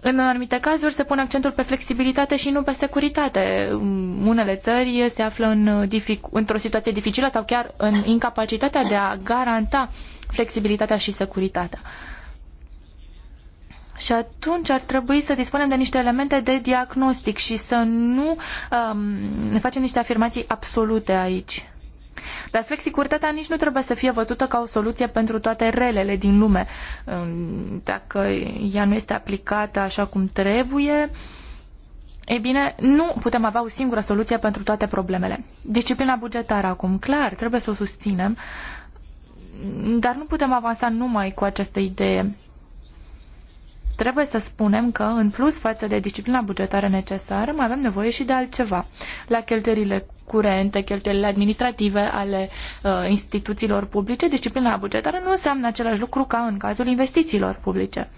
În anumite cazuri se pune accentul pe flexibilitate și nu pe securitate. Mm, unele țări se află în uh, într-o situație dificilă sau chiar în incapacitatea de a garanta flexibilitatea și securitatea. Și atunci ar trebui să dispunem de niște elemente de diagnostic și să nu um, ne facem niște afirmații absolute aici. Dar flexicuritatea nici nu trebuie să fie văzută ca o soluție pentru toate relele din lume. Um, dacă ea nu este aplicată așa cum trebuie, e bine, nu putem avea o singură soluție pentru toate problemele. Disciplina bugetară acum, clar, trebuie să o susținem, dar nu putem avansa numai cu această idee trebuie să spunem că, în plus față de disciplina bugetară necesară, mai avem nevoie și de altceva. La cheltuielile curente, cheltuielile administrative ale uh, instituțiilor publice, disciplina bugetară nu înseamnă același lucru ca în cazul investițiilor publice.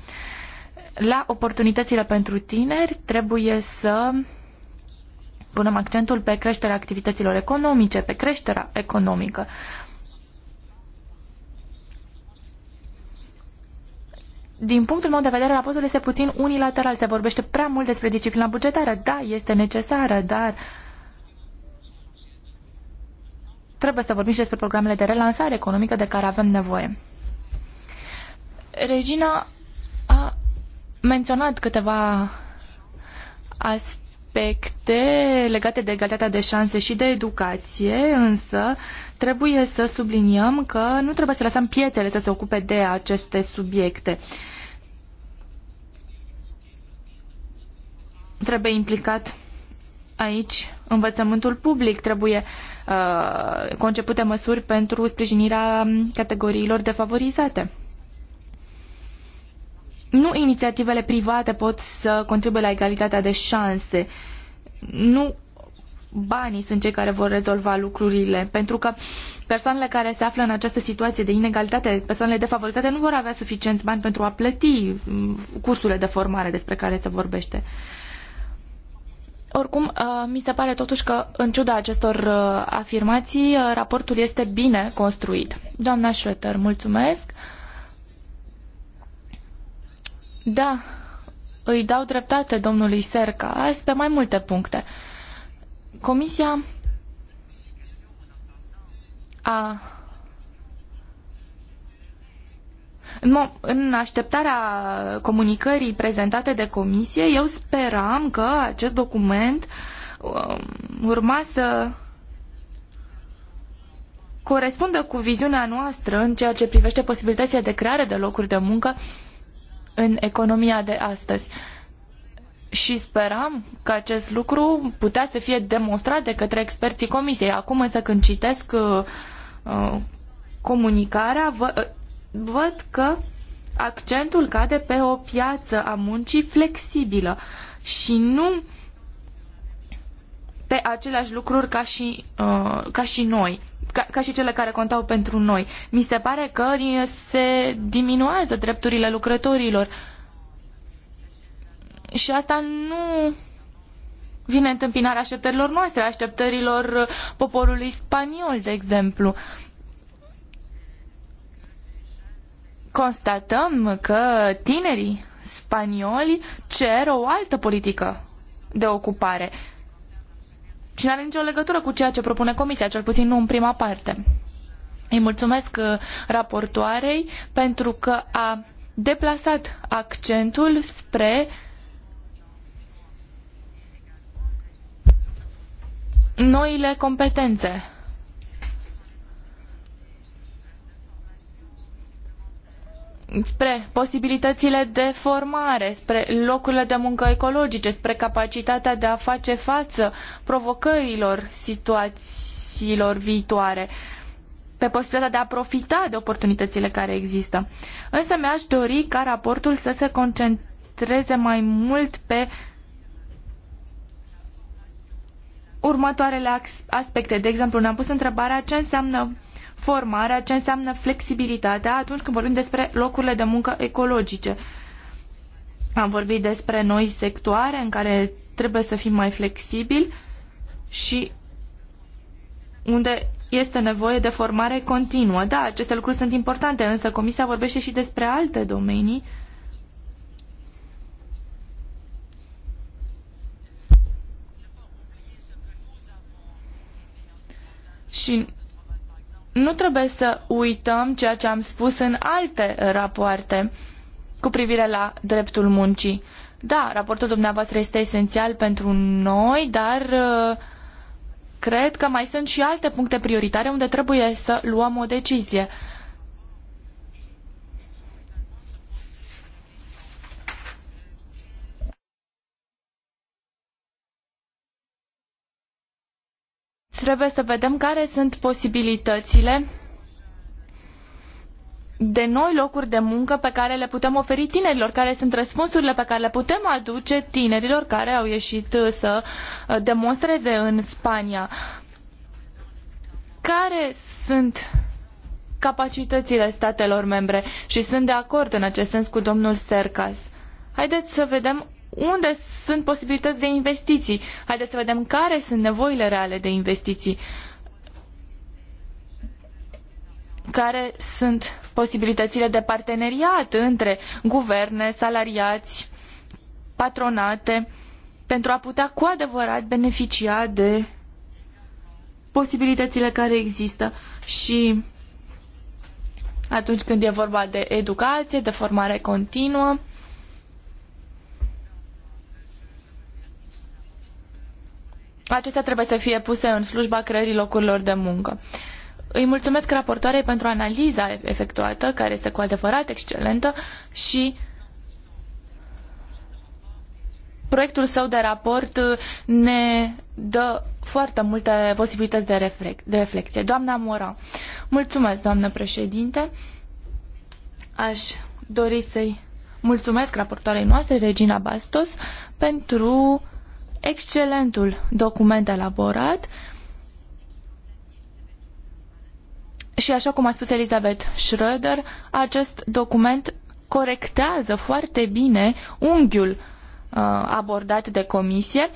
La oportunitățile pentru tineri trebuie să punem accentul pe creșterea activităților economice, pe creșterea economică. din punctul meu de vedere, raportul este puțin unilateral. Se vorbește prea mult despre disciplina bugetară. Da, este necesară, dar trebuie să vorbim și despre programele de relansare economică de care avem nevoie. Regina a menționat câteva aspecte legate de egalitatea de șanse și de educație, însă Trebuie să subliniem că nu trebuie să lăsăm pietele să se ocupe de aceste subiecte. Trebuie implicat aici învățământul public, trebuie uh, concepute măsuri pentru sprijinirea categoriilor defavorizate. Nu inițiativele private pot să contribuie la egalitatea de șanse. Nu banii sunt cei care vor rezolva lucrurile, pentru că persoanele care se află în această situație de inegalitate, persoanele defavorizate, nu vor avea suficienți bani pentru a plăti mm, cursurile de formare despre care se vorbește. Oricum, uh, mi se pare totuși că, în ciuda acestor uh, afirmații, uh, raportul este bine construit. Doamna Schroeter, mulțumesc. Da, îi dau dreptate domnului Sercas pe mai multe puncte. Comisia a în, în așteptarea comunicării prezentate de comisie, eu speram că acest document um, urma să corespundă cu viziunea noastră în ceea ce privește posibilitățile de creare de locuri de muncă în economia de astăzi și speram că acest lucru putea să fie demonstrat de către experții comisiei. Acum însă când citesc uh, uh comunicarea, vă, uh, văd că accentul cade pe o piață a muncii flexibilă și nu pe aceleași lucruri ca și, uh, ca și noi, ca, ca și cele care contau pentru noi. Mi se pare că se diminuează drepturile lucrătorilor. Uh, și asta nu vine întâmpinarea așteptărilor noastre, așteptărilor poporului spaniol, de exemplu. Constatăm că tinerii spanioli cer o altă politică de ocupare și nu are nicio legătură cu ceea ce propune Comisia, cel puțin nu în prima parte. Îi mulțumesc uh, raportoarei pentru că a deplasat accentul spre noile competențe. spre posibilitățile de formare, spre locurile de muncă ecologice, spre capacitatea de a face față provocărilor situațiilor viitoare, pe posibilitatea de a profita de oportunitățile care există. Însă mi-aș dori ca raportul să se concentreze mai mult pe următoarele aspecte. De exemplu, ne-am pus întrebarea ce înseamnă formarea, ce înseamnă flexibilitatea atunci când vorbim despre locurile de muncă ecologice. Am vorbit despre noi sectoare în care trebuie să fim mai flexibili și unde este nevoie de formare continuă. Da, aceste lucruri sunt importante, însă Comisia vorbește și despre alte domenii uh, Și nu trebuie să uităm ceea ce am spus în alte rapoarte cu privire la dreptul muncii. Da, raportul dumneavoastră este esențial pentru noi, dar uh, cred că mai sunt și alte puncte prioritare unde trebuie să luăm o decizie. trebuie să vedem care sunt posibilitățile de noi locuri de muncă pe care le putem oferi tinerilor, care sunt răspunsurile pe care le putem aduce tinerilor care au ieșit uh, să uh, demonstreze în Spania. Care sunt capacitățile statelor membre și sunt de acord în acest sens cu domnul Sercas. Haideți să vedem unde sunt posibilități de investiții. Haideți să vedem care sunt nevoile reale de investiții. Care sunt posibilitățile de parteneriat între guverne, salariați, patronate, pentru a putea cu adevărat beneficia de posibilitățile care există și atunci când e vorba de educație, de formare continuă. acestea trebuie să fie puse în slujba creării locurilor de muncă. Îi mulțumesc raportoarei pentru analiza efectuată, care este cu adevărat excelentă și proiectul său de raport ne dă foarte multe posibilități de, reflecție. de reflexie. Doamna Mora, mulțumesc, doamnă președinte. Aș dori să-i mulțumesc raportoarei noastre, Regina Bastos, pentru excelentul document elaborat și așa cum a spus Elizabeth Schröder, acest document corectează foarte bine unghiul uh, abordat de comisie,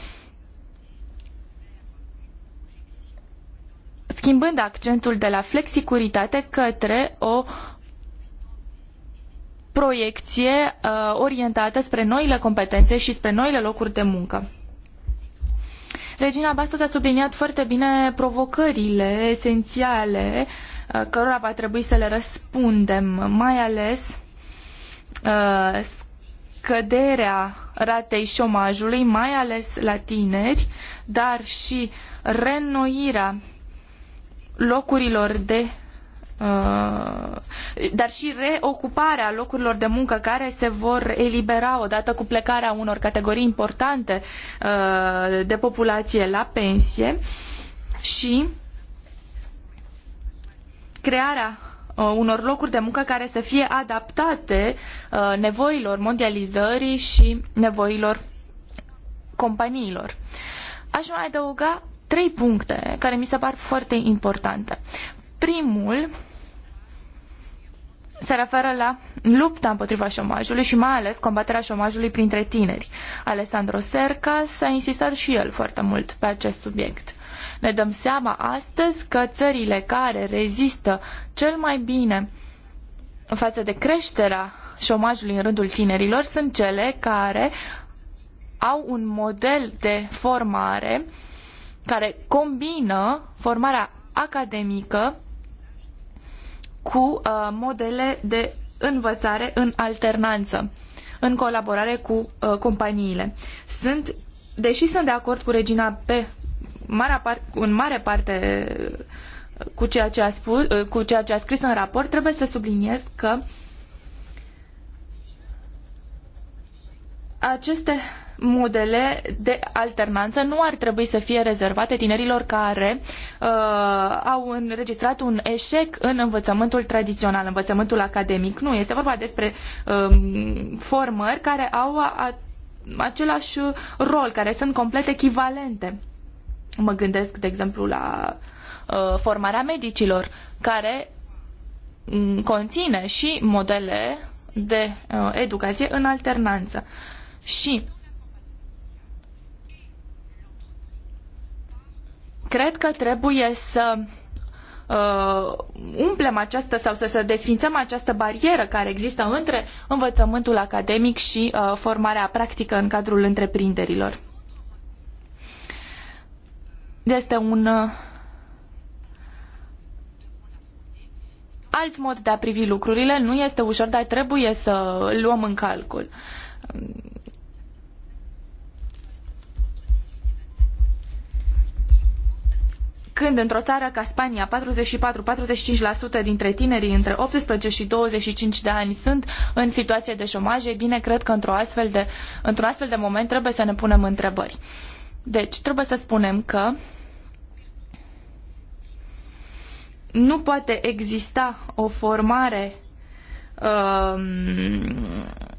schimbând accentul de la flexicuritate către o proiecție uh, orientată spre noile competențe și spre noile locuri de muncă. Regina Bastos a subliniat foarte bine provocările esențiale uh, cărora va trebui să le răspundem, mai ales uh, scăderea ratei șomajului, mai ales la tineri, dar și reînnoirea locurilor de Uh, dar și reocuparea locurilor de muncă care se vor elibera odată cu plecarea unor categorii importante uh, de populație la pensie și crearea uh, unor locuri de muncă care să fie adaptate nevoilor mondializării și nevoilor companiilor. Aș mai adăuga trei puncte care mi se par foarte importante. Primul se referă la lupta împotriva șomajului și mai ales combaterea șomajului printre tineri. Alessandro Serca s-a insistat și el foarte mult pe acest subiect. Ne dăm seama astăzi că țările care rezistă cel mai bine față de creșterea șomajului în rândul tinerilor sunt cele care au un model de formare care combină formarea academică cu uh, modele de învățare în alternanță, în colaborare cu uh, companiile. Sunt, deși sunt de acord cu Regina pe mare par, în mare parte uh, cu ceea, ce a spus, uh, cu ceea ce a scris în raport, trebuie să subliniez că aceste modele de alternanță nu ar trebui să fie rezervate tinerilor care uh, au înregistrat un eșec în învățământul tradițional, învățământul academic. Nu, este vorba despre uh, formări care au a, a, același rol, care sunt complet echivalente. Mă gândesc, de exemplu, la uh, formarea medicilor, care mm, conține și modele de uh, educație în alternanță. Și Cred că trebuie să uh, umplem această sau să, să desfințăm această barieră care există între învățământul academic și uh, formarea practică în cadrul întreprinderilor. Este un uh, alt mod de a privi lucrurile, nu este ușor, dar trebuie să luăm în calcul. când într-o țară ca Spania 44-45% dintre tinerii între 18 și 25 de ani sunt în situație de șomaj, e bine, cred că într-o astfel de, într-un astfel de moment trebuie să ne punem întrebări. Deci, trebuie să spunem că nu poate exista o formare uh,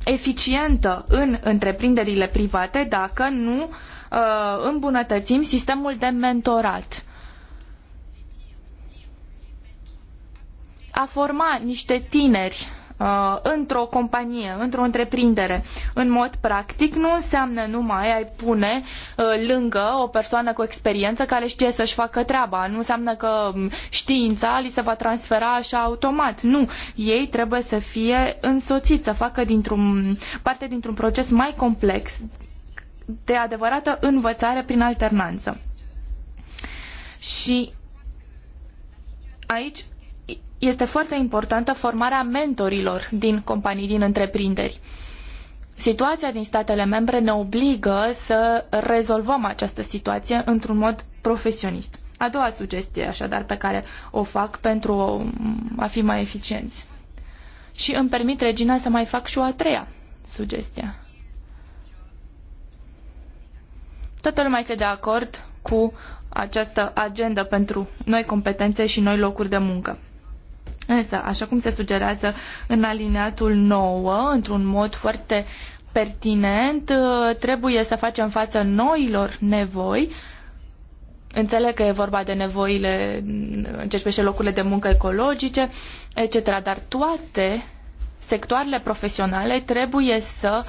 eficientă în întreprinderile private dacă nu uh, îmbunătățim sistemul de mentorat. a forma niște tineri uh, într-o companie, într-o întreprindere, în mod practic, nu înseamnă numai a-i pune uh, lângă o persoană cu experiență care știe să-și facă treaba. Nu înseamnă că mm, știința li se va transfera așa automat. Nu. Ei trebuie să fie însoțiți, să facă dintr-un, parte dintr-un proces mai complex de adevărată învățare prin alternanță. Și aici este foarte importantă formarea mentorilor din companii, din întreprinderi. Situația din statele membre ne obligă să rezolvăm această situație într-un mod profesionist. A doua sugestie, așadar, pe care o fac pentru a fi mai eficienți. Și îmi permit, Regina, să mai fac și o a treia sugestie. Toată lumea este de acord cu această agendă pentru noi competențe și noi locuri de muncă. Însă, așa cum se sugerează în alineatul 9, într-un mod foarte pertinent, uh, trebuie să facem față noilor nevoi. Înțeleg că e vorba de nevoile în ce locurile de muncă ecologice, etc., dar toate sectoarele profesionale trebuie să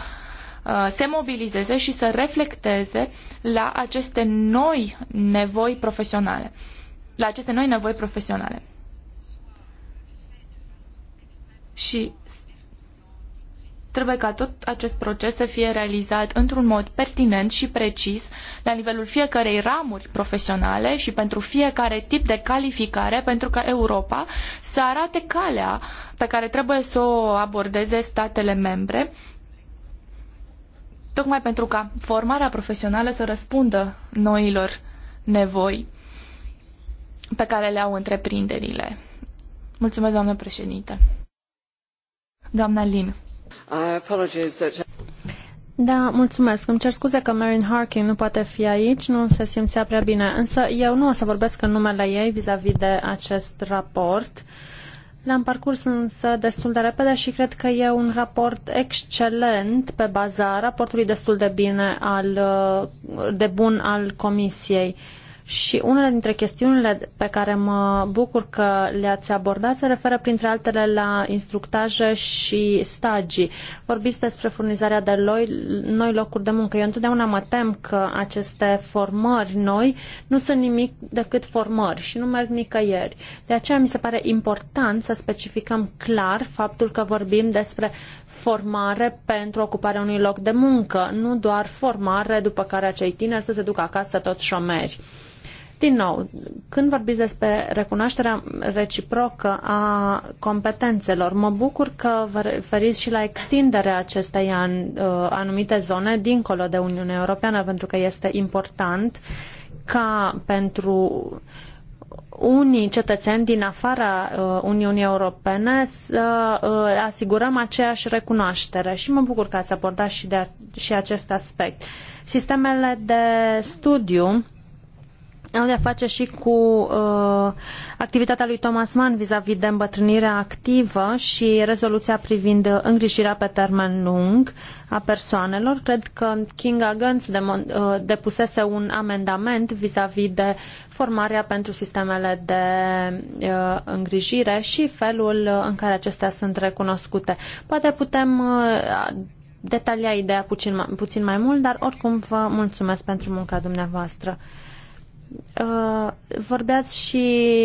uh, se mobilizeze și să reflecteze la aceste noi nevoi profesionale. La aceste noi nevoi profesionale și trebuie ca tot acest proces să fie realizat într-un mod pertinent și precis la nivelul fiecarei ramuri profesionale și pentru fiecare tip de calificare pentru ca Europa să arate calea pe care trebuie să o abordeze statele membre tocmai pentru ca formarea profesională să răspundă noilor nevoi pe care le au întreprinderile. Mulțumesc, doamnă președinte. Doamna Lin. Da, mulțumesc. Îmi cer scuze că Marin Harkin nu poate fi aici, nu se simțea prea bine, însă eu nu o să vorbesc în numele ei vis-a-vis -vis de acest raport. L-am parcurs însă destul de repede și cred că e un raport excelent pe baza raportului destul de bine al, de bun al Comisiei. Uh, și unele dintre chestiunile pe care mă bucur că le-ați abordat se referă printre altele la instructaje și stagii. Vorbiți despre furnizarea de noi locuri de muncă. Eu întotdeauna mă tem că aceste formări noi nu sunt nimic decât formări și nu merg nicăieri. De aceea mi se pare important să specificăm clar faptul că vorbim despre formare pentru ocuparea unui loc de muncă, nu doar formare după care acei tineri să se ducă acasă tot șomeri. Din nou, când vorbiți despre recunoașterea reciprocă a competențelor, mă bucur că vă referiți și la extinderea acesteia în uh, anumite zone dincolo de Uniunea Europeană, pentru că este important ca pentru unii cetățeni din afara uh, Uniunii Europene să uh, asigurăm aceeași recunoaștere și mă bucur că ați abordat și, de, și acest aspect. Sistemele de studiu au de-a face și cu uh, activitatea lui Thomas Mann vis-a-vis -vis de îmbătrânirea activă și rezoluția privind îngrijirea pe termen lung a persoanelor. Cred că Kinga Gantz de, uh, depusese un amendament vis-a-vis -vis de formarea pentru sistemele de uh, îngrijire și felul în care acestea sunt recunoscute. Poate putem uh, detalia ideea puțin mai, puțin mai mult, dar oricum vă mulțumesc pentru munca dumneavoastră. Uh, vorbeați și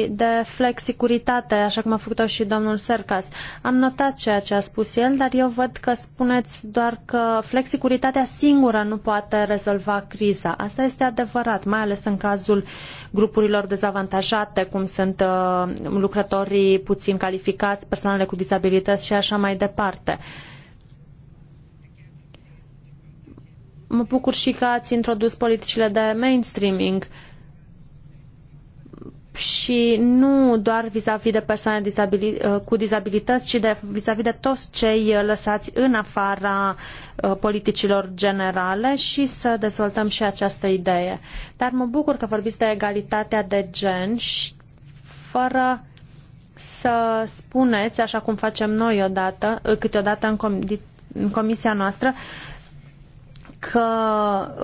de flexicuritate, așa cum a făcut-o și domnul Sercas. Am notat ceea ce a spus el, dar eu văd că spuneți doar că flexicuritatea singură nu poate rezolva criza. Asta este adevărat, mai ales în cazul grupurilor dezavantajate, cum sunt uh, lucrătorii puțin calificați, persoanele cu dizabilități și așa mai departe. Mă bucur și că ați introdus politicile de mainstreaming. Uh, și nu doar vis-a-vis de persoane uh, cu dizabilități, ci de vis-a-vis de toți cei uh, lăsați în afara uh, politicilor generale și să dezvoltăm și această idee. Dar mă bucur că vorbiți de egalitatea de gen și fără să spuneți, așa cum facem noi odată, câteodată în, com- în comisia noastră, că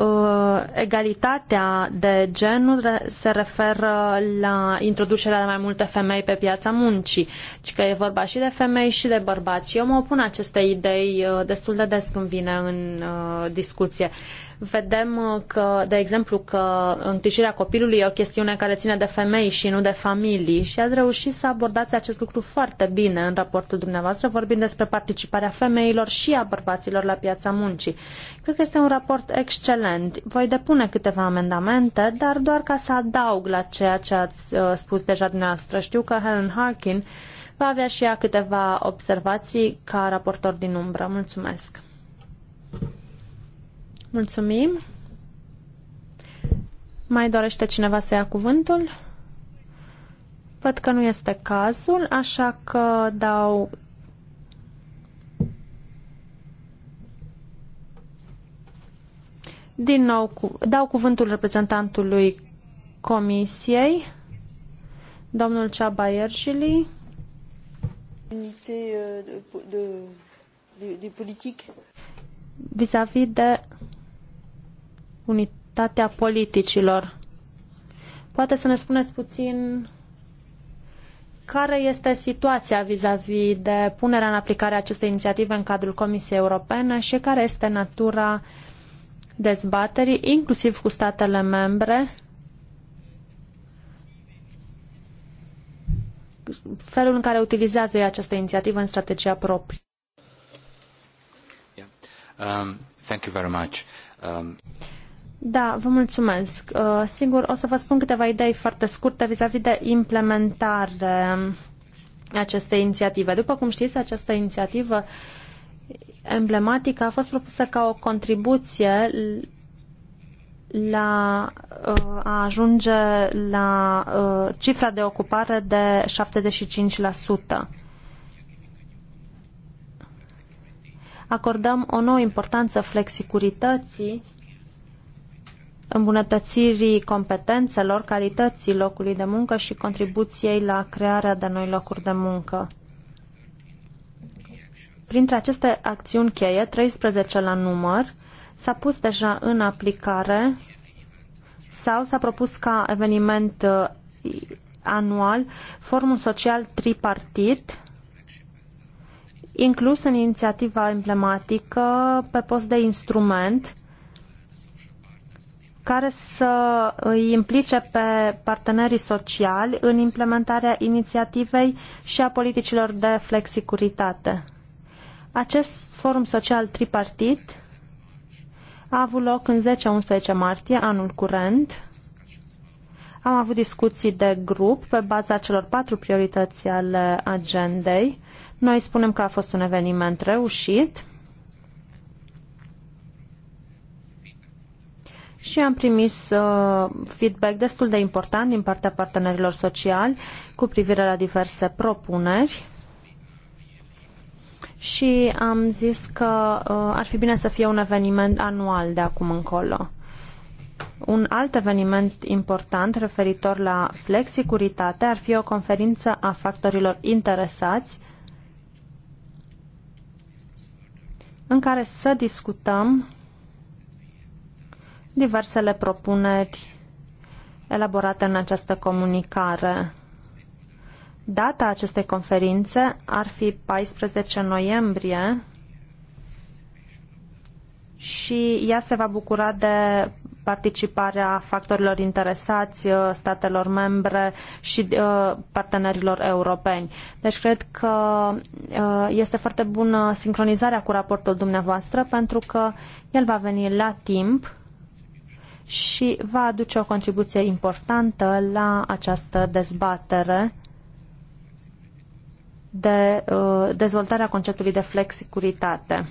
uh, egalitatea de genul se referă la introducerea de mai multe femei pe piața muncii, ci că e vorba și de femei și de bărbați. Și eu mă opun acestei idei uh, destul de des când vine în uh, discuție. Uh, vedem uh, că, de exemplu, că îngrijirea copilului e o chestiune care ține de femei și nu de familii și ați reușit să abordați acest lucru foarte bine în raportul dumneavoastră, vorbind despre participarea femeilor și a bărbaților la piața muncii. Cred că este un raport excelent. Voi depune câteva amendamente, dar doar ca să adaug la ceea ce ați uh, spus deja dumneavoastră. Știu că Helen Harkin va avea și ea câteva observații ca raportor din umbră. Mulțumesc! Mulțumim. Mai dorește cineva să ia cuvântul? Văd că nu este cazul, așa că dau din nou dau cuvântul reprezentantului Comisiei, domnul Ceaba Ierjili. Euh, de, de, de, de politic. Vis-a-vis de unitatea politicilor. Poate să ne spuneți puțin care este situația vis-a-vis -vis de punerea în aplicare a acestei inițiative în cadrul Comisiei Europene și care este natura dezbaterii, inclusiv cu statele membre, felul în care utilizează ei această inițiativă în strategia proprie. Yeah. Um, thank you very much. Um... Da, vă mulțumesc. Uh, Singur, o să vă spun câteva idei foarte scurte vis-a-vis -vis de implementare acestei inițiative. După cum știți, această inițiativă emblematică a fost propusă ca o contribuție la uh, a ajunge la uh, cifra de ocupare de 75%. Acordăm o nouă importanță flexicurității îmbunătățirii competențelor, calității locului de muncă și contribuției la crearea de noi locuri de muncă. Printre aceste acțiuni cheie, 13 la număr, s-a pus deja în aplicare sau s-a propus ca eveniment uh, anual formul social tripartit, inclus în inițiativa emblematică pe post de instrument care să îi implice pe partenerii sociali în implementarea inițiativei și a politicilor de flexicuritate. Acest forum social tripartit a avut loc în 10-11 martie anul curent. Am avut discuții de grup pe baza celor patru priorități ale agendei. Noi spunem că a fost un eveniment reușit și am primit uh, feedback destul de important din partea partenerilor sociali cu privire la diverse propuneri și am zis că uh, ar fi bine să fie un eveniment anual de acum încolo. Un alt eveniment important referitor la flexicuritate ar fi o conferință a factorilor interesați în care să discutăm diversele propuneri elaborate în această comunicare. Data acestei conferințe ar fi 14 noiembrie și ea se va bucura de participarea factorilor interesați, uh, statelor membre și uh, partenerilor europeni. Deci cred că uh, este foarte bună sincronizarea cu raportul dumneavoastră pentru că el va veni la timp și va aduce o contribuție importantă la această dezbatere de uh, dezvoltarea conceptului de flexicuritate.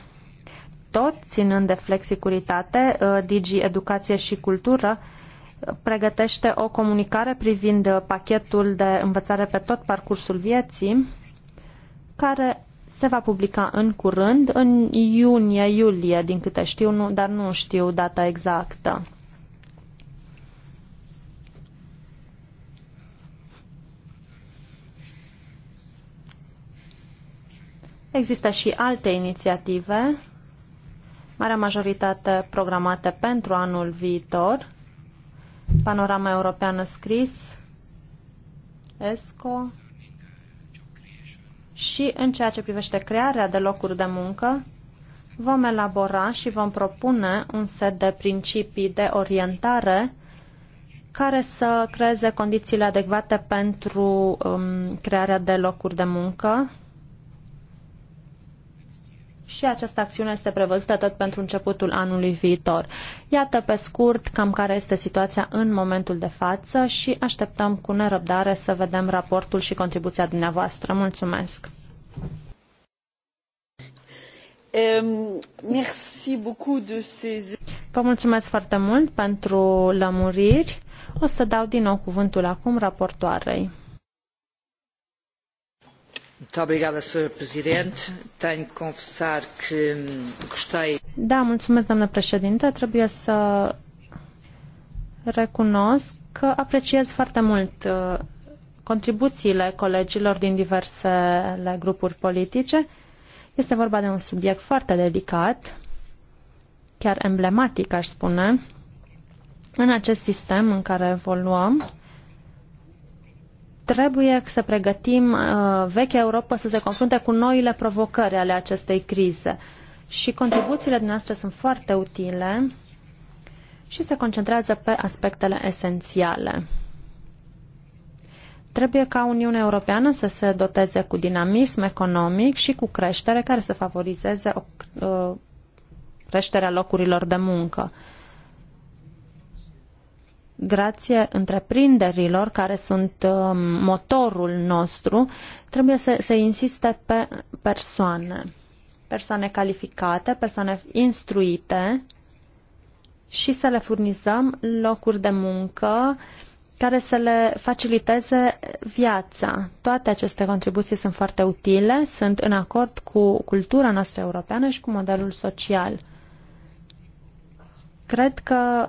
Tot ținând de flexicuritate, uh, Digi Educație și Cultură pregătește o comunicare privind uh, pachetul de învățare pe tot parcursul vieții, care se va publica în curând, în iunie-iulie, din câte știu, nu, dar nu știu data exactă. Există și alte inițiative, marea majoritate programate pentru anul viitor, Panorama Europeană Scris, ESCO și în ceea ce privește crearea de locuri de muncă, vom elabora și vom propune un set de principii de orientare care să creeze condițiile adecvate pentru um, crearea de locuri de muncă și această acțiune este prevăzută tot pentru începutul anului viitor. Iată pe scurt cam care este situația în momentul de față și așteptăm cu nerăbdare să vedem raportul și contribuția dumneavoastră. Mulțumesc! Vă mulțumesc foarte mult pentru lămuriri. O să dau din nou cuvântul acum raportoarei. Da, mulțumesc, doamnă președinte. Trebuie să recunosc că apreciez foarte mult uh, contribuțiile colegilor din diversele grupuri politice. Este vorba de un subiect foarte delicat, chiar emblematic, aș spune. În acest sistem în care evoluăm, trebuie să pregătim uh, vechea Europa să se confrunte cu noile provocări ale acestei crize. Și contribuțiile noastre sunt foarte utile și se concentrează pe aspectele esențiale. Trebuie ca Uniunea Europeană să se doteze cu dinamism economic și cu creștere care să favorizeze o uh, creșterea locurilor de muncă grație întreprinderilor care sunt uh, motorul nostru, trebuie să se insiste pe persoane. Persoane calificate, persoane instruite și să le furnizăm locuri de muncă care să le faciliteze viața. Toate aceste contribuții sunt foarte utile, sunt în acord cu cultura noastră europeană și cu modelul social. Cred că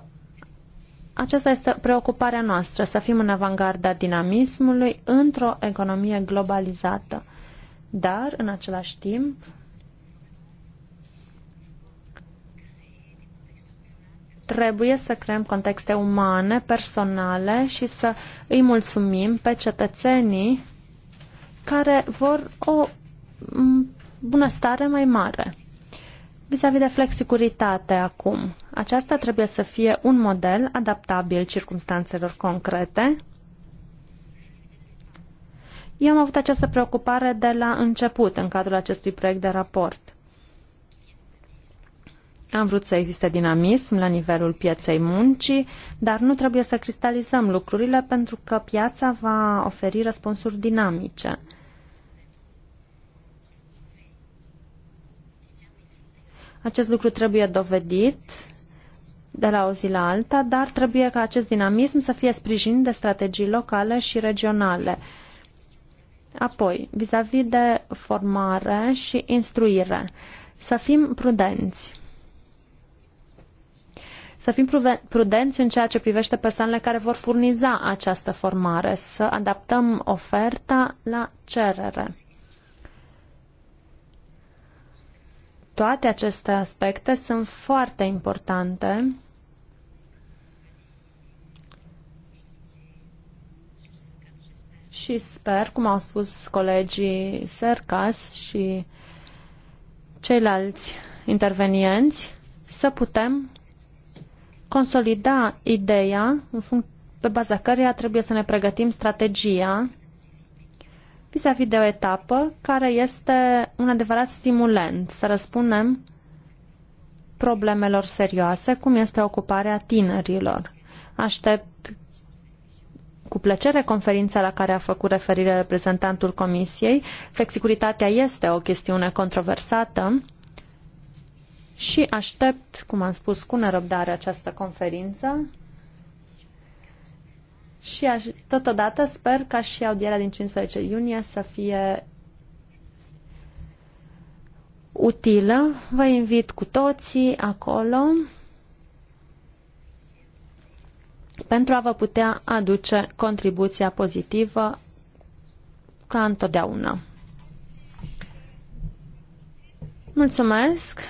aceasta este preocuparea noastră, să fim în avangarda dinamismului într-o economie globalizată. Dar, în același timp, trebuie să creăm contexte umane, personale și să îi mulțumim pe cetățenii care vor o bunăstare mai mare. Vis-a-vis -vis de flexicuritate acum, aceasta trebuie să fie un model adaptabil circumstanțelor concrete. Eu am avut această preocupare de la început în cadrul acestui proiect de raport. Am vrut să existe dinamism la nivelul pieței muncii, dar nu trebuie să cristalizăm lucrurile pentru că piața va oferi răspunsuri dinamice. Acest lucru trebuie dovedit de la o zi la alta, dar trebuie ca acest dinamism să fie sprijinit de strategii locale și regionale. Apoi, vis-a-vis -vis de formare și instruire, să fim prudenți. Să fim prudenți în ceea ce privește persoanele care vor furniza această formare, să adaptăm oferta la cerere. Toate aceste aspecte sunt foarte importante și sper, cum au spus colegii Sercas și ceilalți intervenienți, să putem consolida ideea în pe baza căreia trebuie să ne pregătim strategia vis-a-vis de o etapă care este un adevărat stimulant să răspundem problemelor serioase, cum este ocuparea tinerilor. Aștept cu plăcere conferința la care a făcut referire reprezentantul Comisiei. Flexicuritatea este o chestiune controversată și aștept, cum am spus, cu nerăbdare această conferință și aș, totodată sper ca și audierea din 15 iunie să fie utilă. Vă invit cu toții acolo pentru a vă putea aduce contribuția pozitivă ca întotdeauna. Mulțumesc!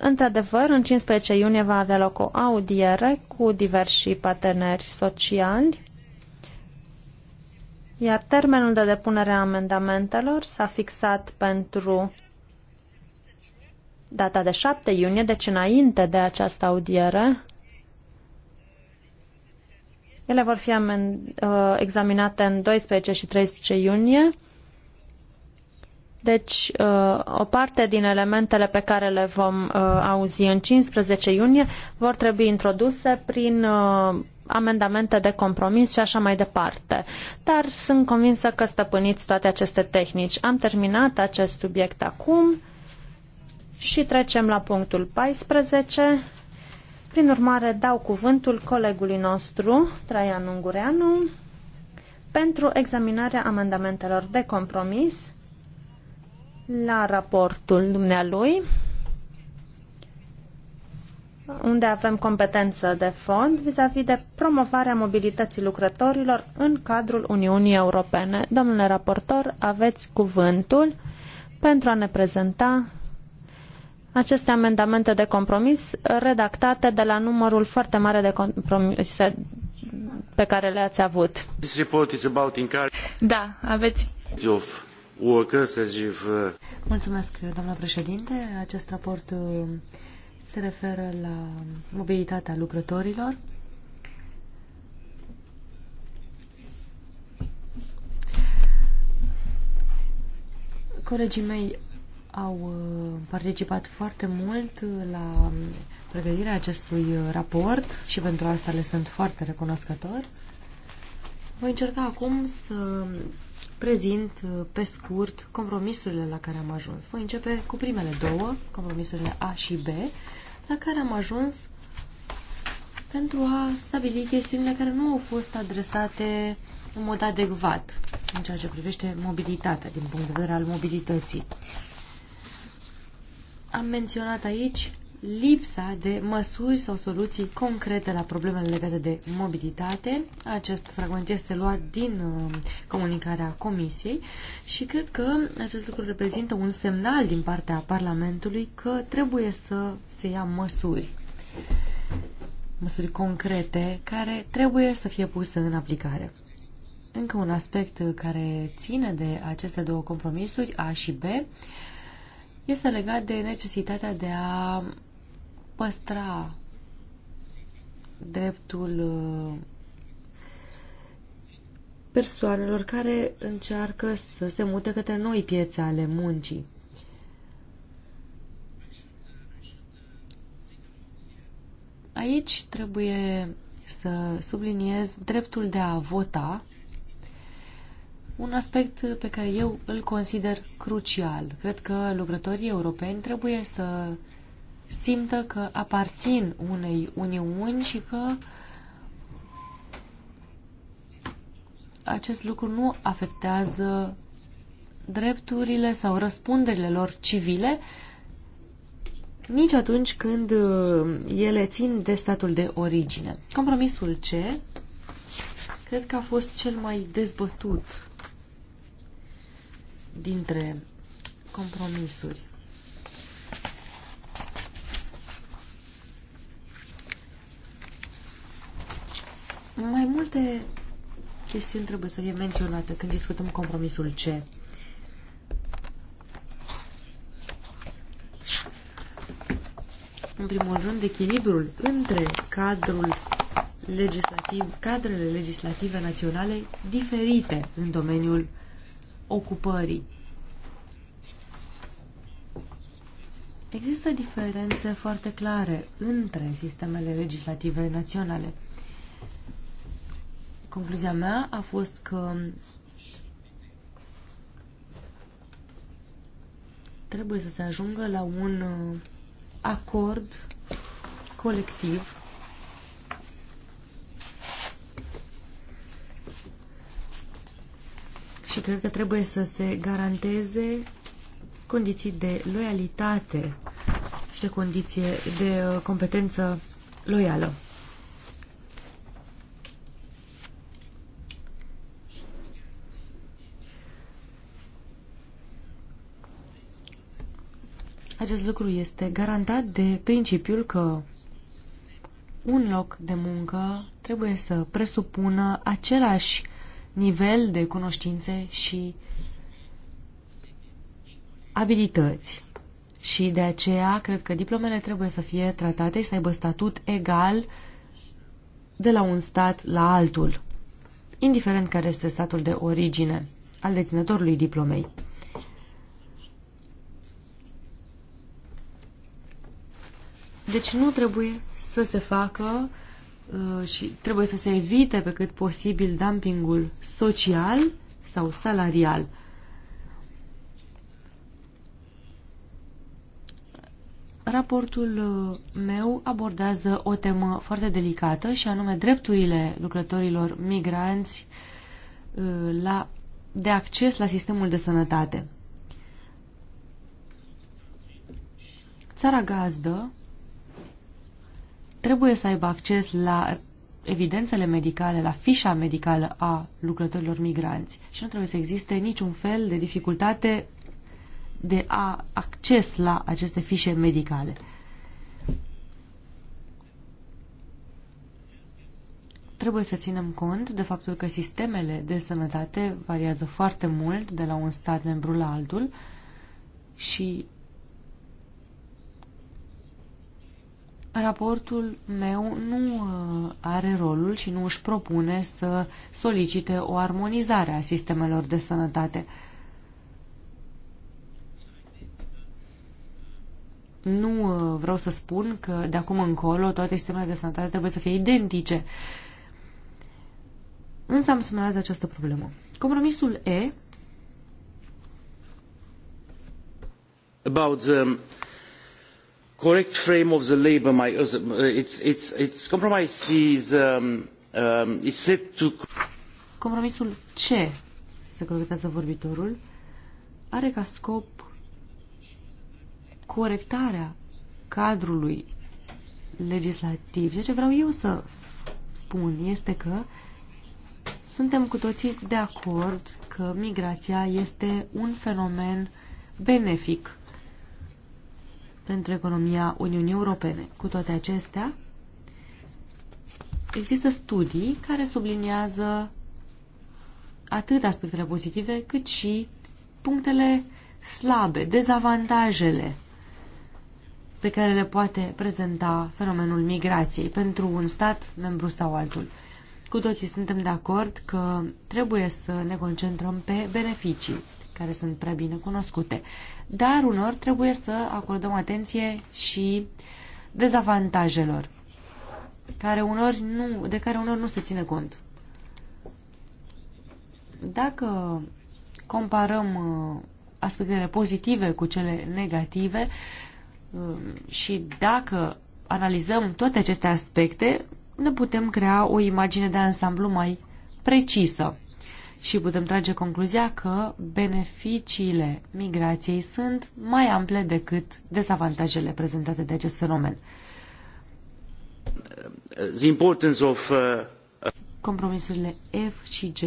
Într-adevăr, în 15 iunie va avea loc o audiere cu diversi parteneri sociali, iar termenul de depunere a amendamentelor s-a fixat pentru data de 7 iunie, deci înainte de această audiere. Ele vor fi uh, examinate în 12 și 13 iunie deci, uh, o parte din elementele pe care le vom uh, auzi în 15 iunie vor trebui introduse prin uh, amendamente de compromis și așa mai departe. Dar sunt convinsă că stăpâniți toate aceste tehnici. Am terminat acest subiect acum și trecem la punctul 14. Prin urmare, dau cuvântul colegului nostru, Traian Ungureanu, pentru examinarea amendamentelor de compromis la raportul dumnealui, unde avem competență de fond vis-a-vis -vis de promovarea mobilității lucrătorilor în cadrul Uniunii Europene. Domnule raportor, aveți cuvântul pentru a ne prezenta aceste amendamente de compromis redactate de la numărul foarte mare de compromise pe care le-ați avut. Da, aveți. Of Mulțumesc, doamna președinte. Acest raport uh, se referă la mobilitatea lucrătorilor. Colegii mei au uh, participat foarte mult la pregătirea acestui uh, raport și pentru asta le sunt foarte recunoscător. Voi încerca acum să prezint uh, pe scurt compromisurile la care am ajuns. Voi începe cu primele două, compromisurile A și B, la care am ajuns pentru a stabili chestiunile care nu au fost adresate în mod adecvat în ceea ce privește mobilitatea, din punct de vedere al mobilității. Am menționat aici lipsa de măsuri sau soluții concrete la problemele legate de mobilitate. Acest fragment este luat din uh, comunicarea Comisiei și cred că acest lucru reprezintă un semnal din partea Parlamentului că trebuie să se ia măsuri măsuri concrete care trebuie să fie puse în aplicare. Încă un aspect care ține de aceste două compromisuri, A și B, este legat de necesitatea de a păstra dreptul uh, persoanelor care încearcă să se mute către noi piețe ale muncii. Aici trebuie să subliniez dreptul de a vota, un aspect pe care eu îl consider crucial. Cred că lucrătorii europeni trebuie să simtă că aparțin unei uniuni și că acest lucru nu afectează drepturile sau răspunderile lor civile, nici atunci când uh, ele țin de statul de origine. Compromisul C cred că a fost cel mai dezbătut dintre compromisuri. Mai multe chestiuni trebuie să fie menționate când discutăm compromisul C. În primul rând, echilibrul între cadrul legislativ, cadrele legislative naționale diferite în domeniul ocupării. Există diferențe foarte clare între sistemele legislative naționale. Concluzia mea a fost că trebuie să se ajungă la un uh, acord colectiv și cred că trebuie să se garanteze condiții de loialitate și de condiție de uh, competență loială. Acest lucru este garantat de principiul că un loc de muncă trebuie să presupună același nivel de cunoștințe și abilități. Și de aceea cred că diplomele trebuie să fie tratate și să aibă statut egal de la un stat la altul, indiferent care este statul de origine al deținătorului diplomei. Deci nu trebuie să se facă uh, și trebuie să se evite pe cât posibil dumpingul social sau salarial. Raportul uh, meu abordează o temă foarte delicată și anume drepturile lucrătorilor migranți uh, la, de acces la sistemul de sănătate. Țara gazdă trebuie să aibă acces la evidențele medicale, la fișa medicală a lucrătorilor migranți și nu trebuie să existe niciun fel de dificultate de a acces la aceste fișe medicale. Trebuie să ținem cont de faptul că sistemele de sănătate variază foarte mult de la un stat membru la altul și Raportul meu nu uh, are rolul și nu își propune să solicite o armonizare a sistemelor de sănătate. Nu uh, vreau să spun că de acum încolo toate sistemele de sănătate trebuie să fie identice. Însă am semnalat această problemă. Compromisul E about the um, correct frame of the labour uh, uh, it's, it's, it's compromise is, um, um, is set to... Compromisul C, se corectează vorbitorul, are ca scop corectarea cadrului legislativ. Ceea ce vreau eu să spun este că suntem cu toții de acord că migrația este un fenomen benefic pentru economia Uniunii Europene. Cu toate acestea, există studii care subliniază atât aspectele pozitive, cât și punctele slabe, dezavantajele pe care le poate prezenta fenomenul migrației pentru un stat, membru sau altul. Cu toții suntem de acord că trebuie să ne concentrăm pe beneficii, care sunt prea bine cunoscute dar unor trebuie să acordăm atenție și dezavantajelor care unor nu, de care unor nu se ține cont. Dacă comparăm uh, aspectele pozitive cu cele negative um, și dacă analizăm toate aceste aspecte, ne putem crea o imagine de ansamblu mai precisă și putem trage concluzia că beneficiile migrației sunt mai ample decât dezavantajele prezentate de acest fenomen. The importance of, uh... Compromisurile F și G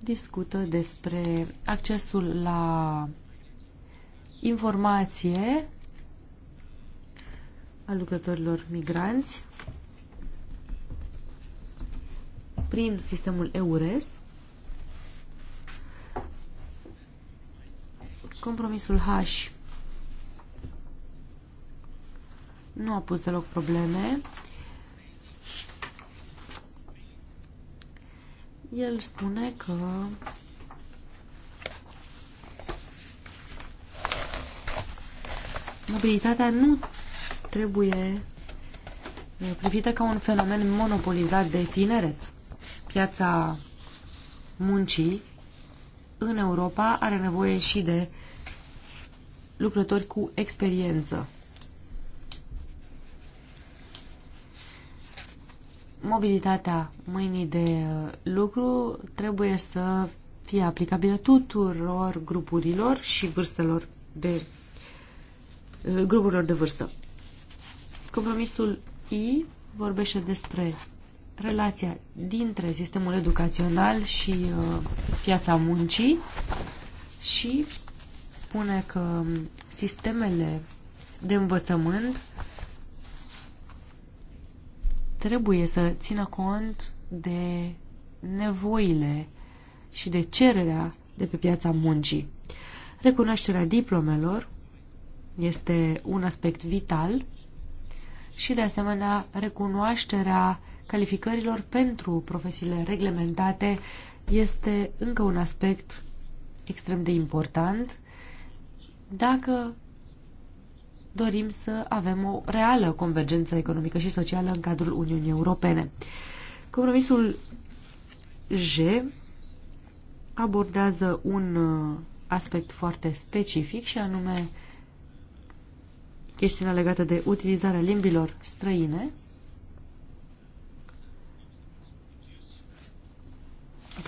discută despre accesul la informație a lucrătorilor migranți prin sistemul EURES Compromisul H nu a pus deloc probleme. El spune că mobilitatea nu trebuie uh, privită ca un fenomen monopolizat de tineret. Piața muncii în Europa are nevoie și de lucrători cu experiență. Mobilitatea mâinii de uh, lucru trebuie să fie aplicabilă tuturor grupurilor și vârstelor de uh, grupurilor de vârstă. Compromisul I vorbește despre relația dintre sistemul educațional și uh, piața muncii și spune că sistemele de învățământ trebuie să țină cont de nevoile și de cererea de pe piața muncii. Recunoașterea diplomelor este un aspect vital și, de asemenea, recunoașterea calificărilor pentru profesiile reglementate este încă un aspect extrem de important dacă dorim să avem o reală convergență economică și socială în cadrul Uniunii Europene. Compromisul J abordează un uh, aspect foarte specific și anume chestiunea legată de utilizarea limbilor străine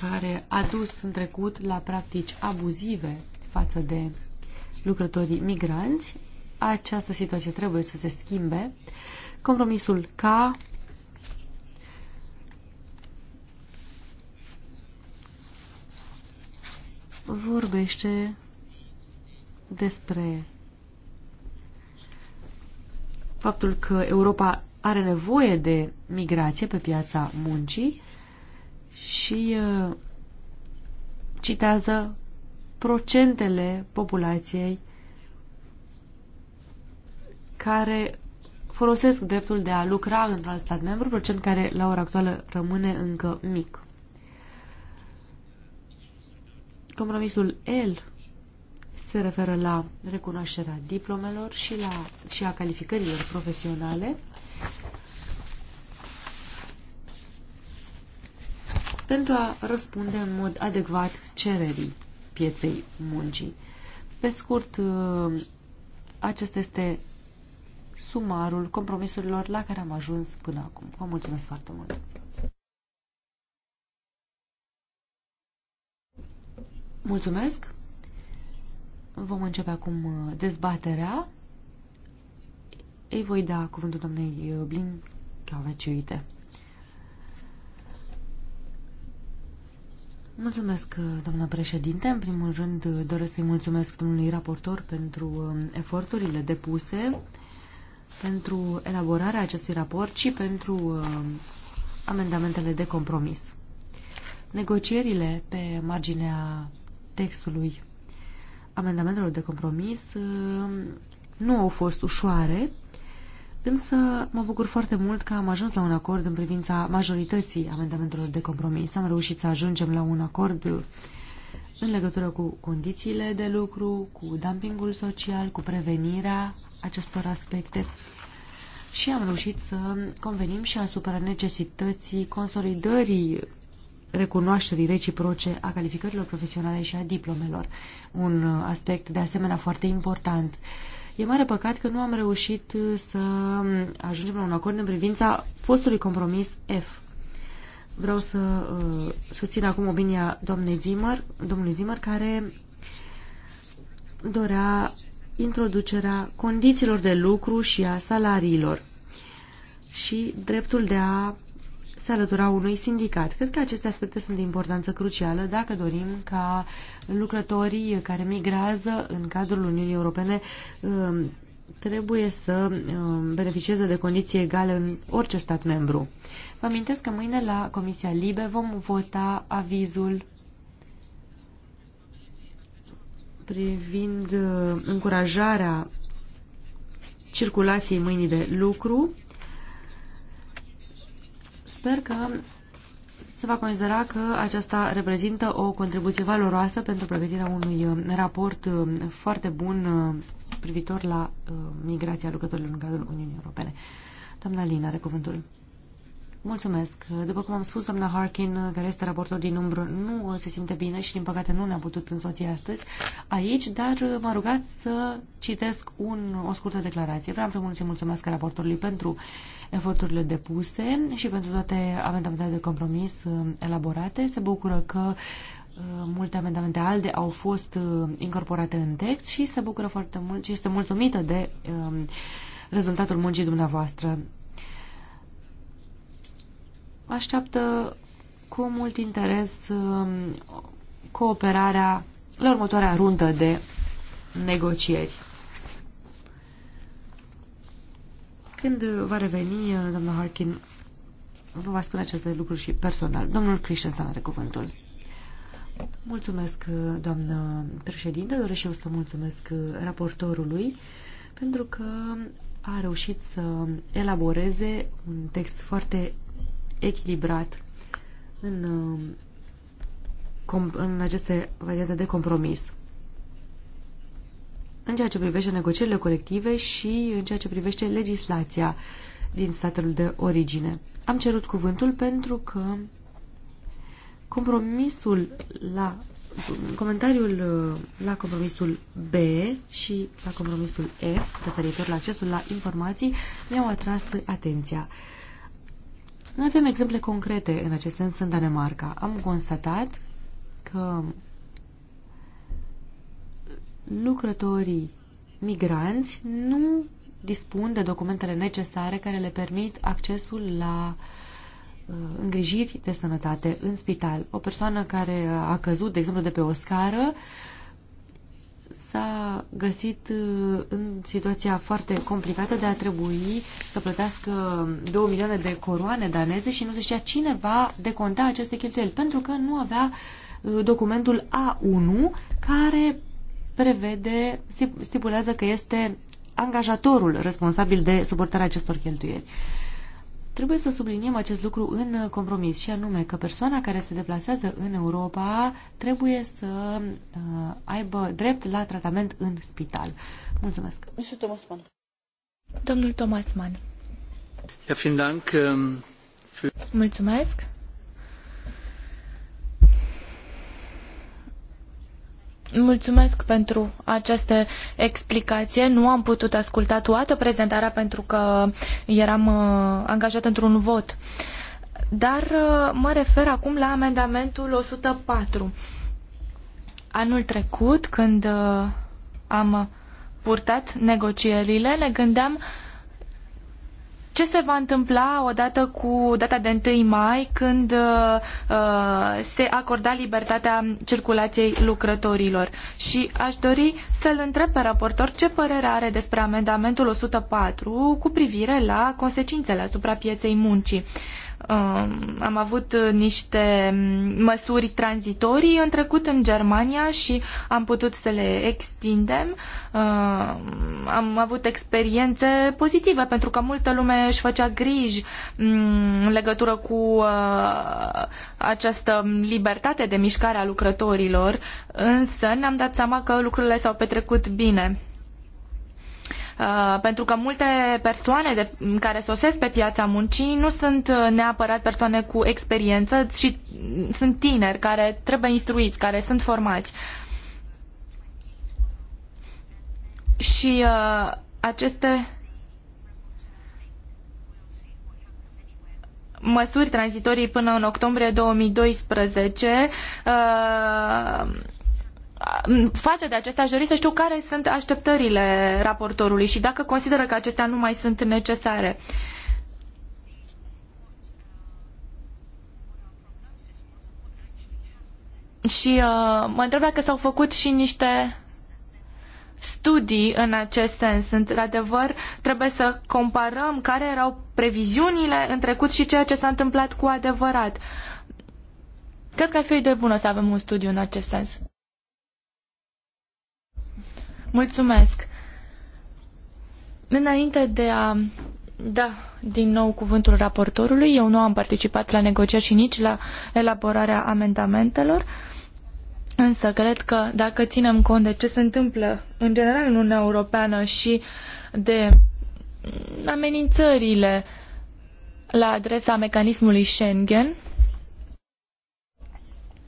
care a dus în trecut la practici abuzive față de lucrătorii migranți. Această situație trebuie să se schimbe. Compromisul K vorbește despre faptul că Europa are nevoie de migrație pe piața muncii și uh, citează procentele populației care folosesc dreptul de a lucra într-un alt stat membru, procent care la ora actuală rămâne încă mic. Compromisul L se referă la recunoașterea diplomelor și, la, și a calificărilor profesionale. pentru a răspunde în mod adecvat cererii pieței muncii. Pe scurt, uh, acesta este sumarul compromisurilor la care am ajuns până acum. Vă mulțumesc foarte mult! Mulțumesc! Vom începe acum uh, dezbaterea. Îi voi da cuvântul doamnei uh, Blin Chiaveciuite. Mulțumesc, doamnă președinte. În primul rând, doresc să-i mulțumesc domnului raportor pentru um, eforturile depuse, pentru elaborarea acestui raport și pentru um, amendamentele de compromis. Negocierile pe marginea textului amendamentelor de compromis um, nu au fost ușoare, Însă mă bucur foarte mult că am ajuns la un acord în privința majorității amendamentelor de compromis. Am reușit să ajungem la un acord în legătură cu condițiile de lucru, cu dumpingul social, cu prevenirea acestor aspecte și am reușit să convenim și asupra necesității consolidării recunoașterii reciproce a calificărilor profesionale și a diplomelor. Un aspect de asemenea foarte important. E mare păcat că nu am reușit uh, să ajungem la un acord în privința fostului compromis F. Vreau să uh, susțin acum opinia doamnei Zimăr, domnului Zimăr, care dorea introducerea condițiilor de lucru și a salariilor și dreptul de a se alătura unui sindicat. Cred că aceste aspecte sunt de importanță crucială dacă dorim ca lucrătorii care migrează în cadrul Uniunii Europene um, trebuie să um, beneficieze de condiții egale în orice stat membru. Vă amintesc că mâine la Comisia Libe vom vota avizul privind uh, încurajarea circulației mâinii de lucru Sper că se va considera că aceasta reprezintă o contribuție valoroasă pentru pregătirea unui uh, raport uh, foarte bun uh, privitor la migrația lucrătorilor în cadrul Uniunii Europene. Doamna Lina are cuvântul. Mulțumesc. După cum am spus, doamna Harkin, care este raportor din umbră, nu se simte bine și, din păcate, nu ne-a putut însoți astăzi aici, dar m-a rugat să citesc un, o scurtă declarație. Vreau, primul să mulțumesc raportorului pentru eforturile depuse și pentru toate amendamentele de compromis uh, elaborate. Se bucură că uh, multe amendamente ALDE au fost uh, incorporate în text și se bucură foarte mult și este mulțumită de um, rezultatul muncii dumneavoastră așteaptă cu mult interes um, cooperarea la următoarea rundă de negocieri. Când va reveni, uh, doamna Harkin, vă va spune aceste lucruri și personal. Domnul Christensen are cuvântul. Mulțumesc, uh, doamnă președinte. Doresc și eu să mulțumesc uh, raportorului pentru că a reușit să elaboreze un text foarte echilibrat în, în aceste variante de compromis. În ceea ce privește negocierile colective și în ceea ce privește legislația din statul de origine. Am cerut cuvântul pentru că compromisul la comentariul la compromisul B și la compromisul F referitor la accesul la informații mi-au atras atenția. Uh, noi avem exemple concrete în acest sens în Danemarca. Am constatat că lucrătorii migranți nu dispun de documentele necesare care le permit accesul la uh, îngrijiri de sănătate în spital. O persoană care a căzut, de exemplu, de pe o scară uh, s-a găsit uh, în situația foarte complicată de a trebui să plătească 2 milioane de coroane daneze și nu se știa cine va deconta aceste cheltuieli, pentru că nu avea uh, documentul A1 care prevede, stipulează că este angajatorul responsabil de suportarea acestor cheltuieli. Uh, Trebuie să subliniem acest lucru în compromis și anume că persoana care se deplasează în Europa trebuie să uh, aibă drept la tratament în spital. Mulțumesc. Domnul Thomas Mann. Ähm, Mulțumesc. Mulțumesc pentru aceste explicație. Nu am putut asculta toată prezentarea pentru că eram uh, angajat într-un vot. Dar uh, mă refer acum la amendamentul 104. Anul trecut, când uh, am purtat negocierile, ne gândeam uh, ce se va întâmpla odată cu data de 1 mai când uh, uh, se acorda libertatea circulației lucrătorilor? Și aș dori să-l întreb pe raportor ce părere are despre amendamentul 104 cu privire la consecințele asupra pieței muncii. Uh, Um, am avut uh, niște mm, măsuri tranzitorii în trecut în Germania și am putut să le extindem. Um, am avut experiențe pozitive pentru că multă lume își făcea griji mm, în legătură cu uh, această libertate de mișcare a lucrătorilor, însă ne-am dat seama că lucrurile s-au petrecut bine. Uh, pentru că multe persoane de, care sosesc pe piața muncii nu sunt uh, neapărat persoane cu experiență, ci sunt tineri care trebuie instruiți, care sunt formați. Și uh, aceste măsuri tranzitorii până în octombrie 2012 uh, față de acestea, aș dori să știu care sunt așteptările raportorului și dacă consideră că acestea nu mai sunt necesare. Și uh, mă întreb dacă s-au făcut și niște studii în acest sens. Într-adevăr, trebuie să comparăm care erau previziunile în trecut și ceea ce s-a întâmplat cu adevărat. Cred că ar fi o idee bună să avem un studiu în acest sens. Mulțumesc. Înainte de a da din nou cuvântul raportorului, eu nu am participat la negocieri și nici la elaborarea amendamentelor, însă cred că dacă ținem cont de ce se întâmplă în general în Uniunea Europeană și de amenințările la adresa mecanismului Schengen,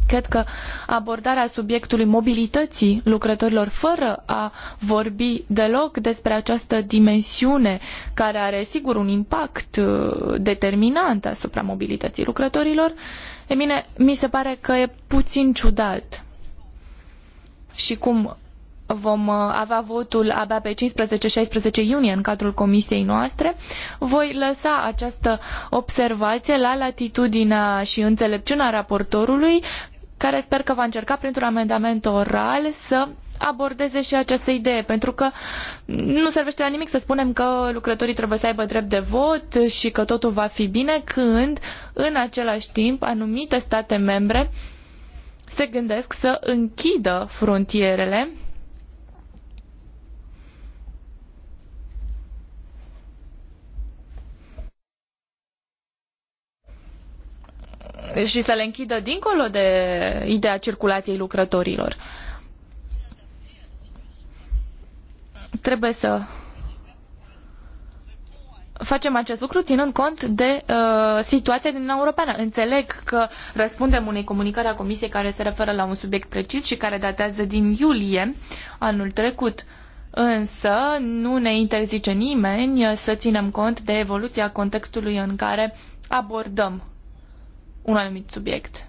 Cred că abordarea subiectului mobilității lucrătorilor fără a vorbi deloc despre această dimensiune care are sigur un impact uh, determinant asupra mobilității lucrătorilor, e bine, mi se pare că e puțin ciudat. Și cum vom uh, avea votul abia pe 15-16 iunie în cadrul comisiei noastre, voi lăsa această observație la latitudinea și înțelepciunea raportorului care sper că va încerca printr-un amendament oral să abordeze și această idee, pentru că nu servește la nimic să spunem că lucrătorii trebuie să aibă drept de vot și că totul va fi bine când, în același timp, anumite state membre se gândesc să închidă frontierele și să le închidă dincolo de ideea circulației lucrătorilor. Trebuie să facem acest lucru ținând cont de uh, situația din Europeană. Înțeleg că răspundem unei comunicări a Comisiei care se referă la un subiect precis și care datează din iulie anul trecut. Însă nu ne interzice nimeni să ținem cont de evoluția contextului în care abordăm un anumit subiect.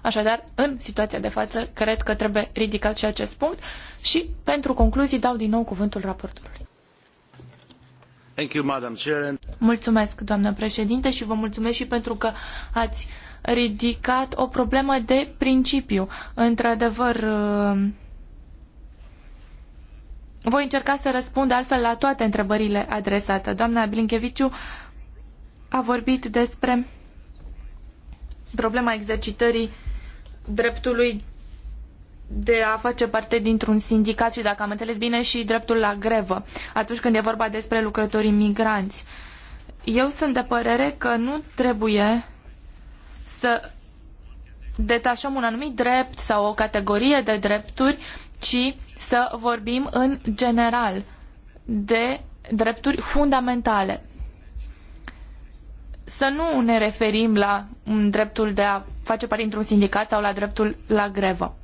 Așadar, în situația de față, cred că trebuie ridicat și acest punct și pentru concluzii dau din nou cuvântul raportorului. Mulțumesc, doamnă președinte, și vă mulțumesc și pentru că ați ridicat o problemă de principiu. Într-adevăr, uh, voi încerca să răspund altfel la toate întrebările adresate. Doamna Blinkeviciu a vorbit despre problema exercitării dreptului de a face parte dintr-un sindicat și, dacă am înțeles bine, și dreptul la grevă, atunci când e vorba despre lucrătorii migranți. Eu sunt de părere că nu trebuie să detașăm un anumit drept sau o categorie de drepturi, ci să vorbim în general de drepturi fundamentale să nu ne referim la mm, dreptul de a face parte într-un sindicat sau la dreptul la grevă.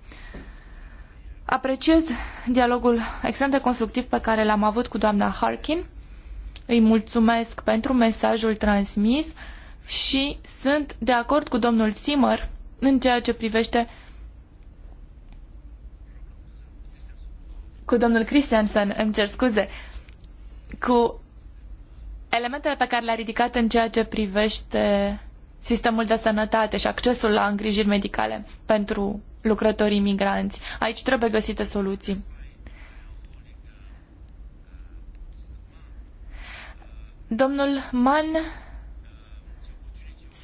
Apreciez dialogul extrem de constructiv pe care l-am avut cu doamna Harkin. Îi mulțumesc pentru mesajul transmis și sunt de acord cu domnul Zimmer în ceea ce privește cu domnul Christiansen, îmi cer scuze, cu elementele pe care le-a ridicat în ceea ce privește sistemul de sănătate și accesul la îngrijiri medicale pentru lucrătorii migranți. Aici trebuie găsite soluții. Domnul Mann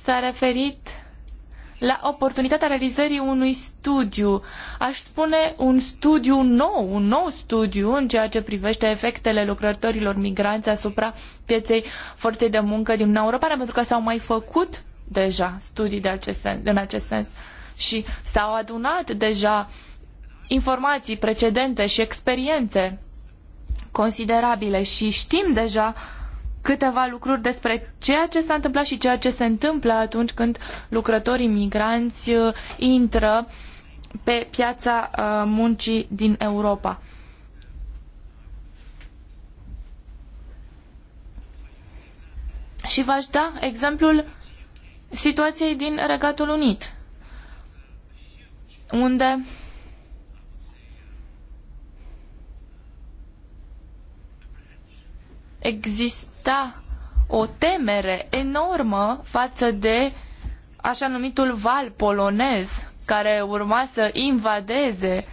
s-a referit la oportunitatea realizării unui studiu, aș spune un studiu nou, un nou studiu în ceea ce privește efectele lucrătorilor migranți asupra pieței forței de muncă din Uniunea Europeană, pentru că s-au mai făcut deja studii de acest sens, în acest sens și s-au adunat deja informații precedente și experiențe considerabile și știm deja câteva lucruri despre ceea ce s-a întâmplat și ceea ce se întâmplă atunci când lucrătorii migranți uh, intră pe piața uh, muncii din Europa. Și v-aș da exemplul situației din Regatul Unit, unde exista o temere enormă față de așa numitul val polonez care urma să invadeze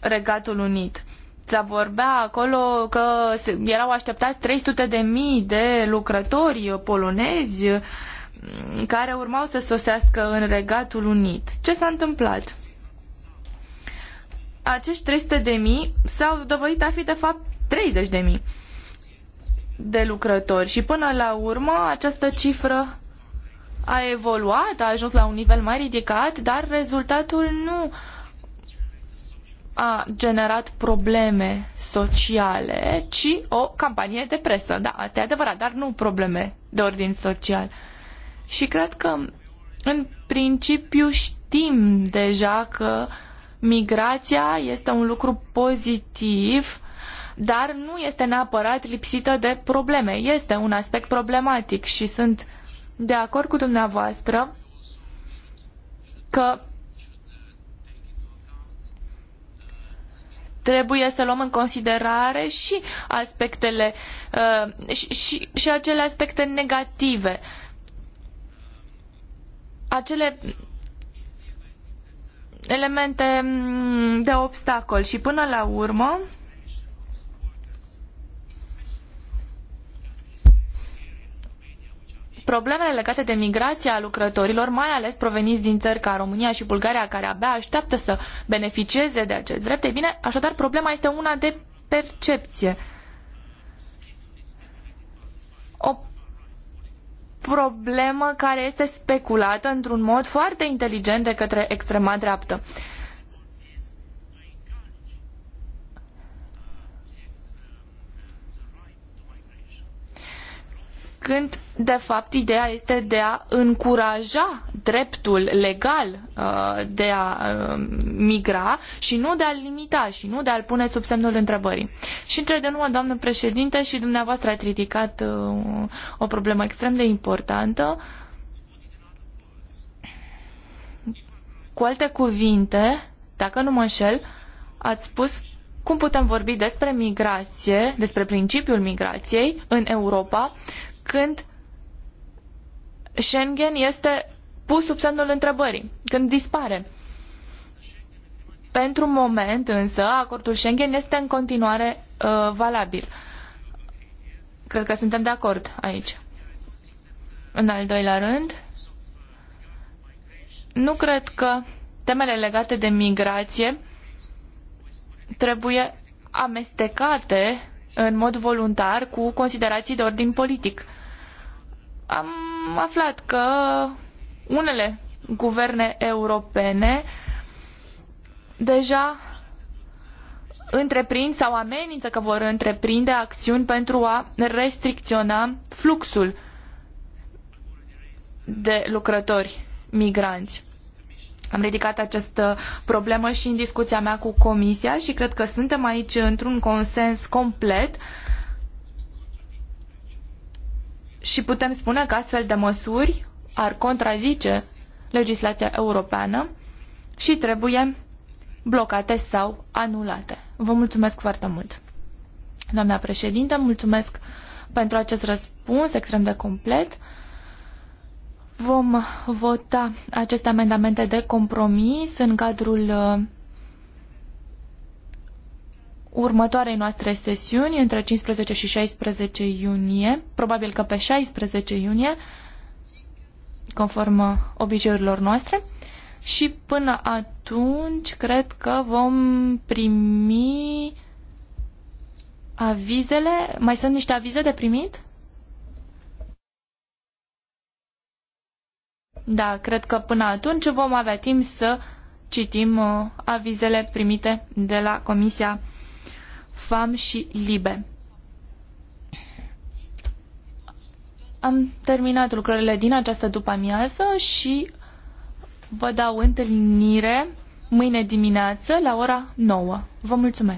Regatul Unit. Se vorbea acolo că erau așteptați 300 de mii de lucrători polonezi mm, care urmau să sosească în Regatul Unit. Ce s-a întâmplat? Acești 300 de mii s-au dovedit a fi de fapt 30 de mii de lucrători și până la urmă această cifră a evoluat, a ajuns la un nivel mai ridicat, dar rezultatul nu a generat probleme sociale, ci o campanie de presă. Da, asta e adevărat, dar nu probleme de ordin social. Și cred că, în principiu, știm deja că migrația este un lucru pozitiv dar nu este neapărat lipsită de probleme. Este un aspect problematic și sunt de acord cu dumneavoastră că trebuie să luăm în considerare și aspectele uh, și, și, și acele aspecte negative. Acele elemente mm, de obstacol și până la urmă problemele legate de migrația lucrătorilor, mai ales proveniți din țări ca România și Bulgaria, care abia așteaptă să beneficieze de acest drept, e bine, așadar problema este una de percepție. O problemă care este speculată într-un mod foarte inteligent de către extrema dreaptă. când de fapt ideea este de a încuraja dreptul legal uh, de a uh, migra și nu de a-l limita și nu de a-l pune sub semnul întrebării. Și între de nouă, doamnă președinte, și dumneavoastră ați ridicat uh, o problemă extrem de importantă. Cu alte cuvinte, dacă nu mă înșel, ați spus cum putem vorbi despre migrație, despre principiul migrației în Europa, când Schengen este pus sub semnul întrebării, când dispare. Pentru moment, însă, acordul Schengen este în continuare uh, valabil. Cred că suntem de acord aici. În al doilea rând, nu cred că temele legate de migrație trebuie amestecate în mod voluntar cu considerații de ordin politic am aflat că unele guverne europene deja întreprind sau amenință că vor întreprinde acțiuni pentru a restricționa fluxul de lucrători migranți. Am ridicat această problemă și în discuția mea cu Comisia și cred că suntem aici într-un consens complet uh, și putem spune că astfel de măsuri ar contrazice legislația europeană și trebuie blocate sau anulate. Vă mulțumesc foarte mult. Doamna președintă, mulțumesc pentru acest răspuns extrem de complet. Vom vota aceste amendamente de compromis în cadrul uh, următoarei noastre sesiuni, între 15 și 16 iunie, probabil că pe 16 iunie, conform obiceiurilor noastre. Și până atunci, cred că vom primi avizele. Mai sunt niște avize de primit? Da, cred că până atunci vom avea timp să citim uh, avizele primite de la Comisia FAM și LIBE. Am terminat lucrările din această după-amiază și vă dau întâlnire mâine dimineață la ora 9. Vă mulțumesc!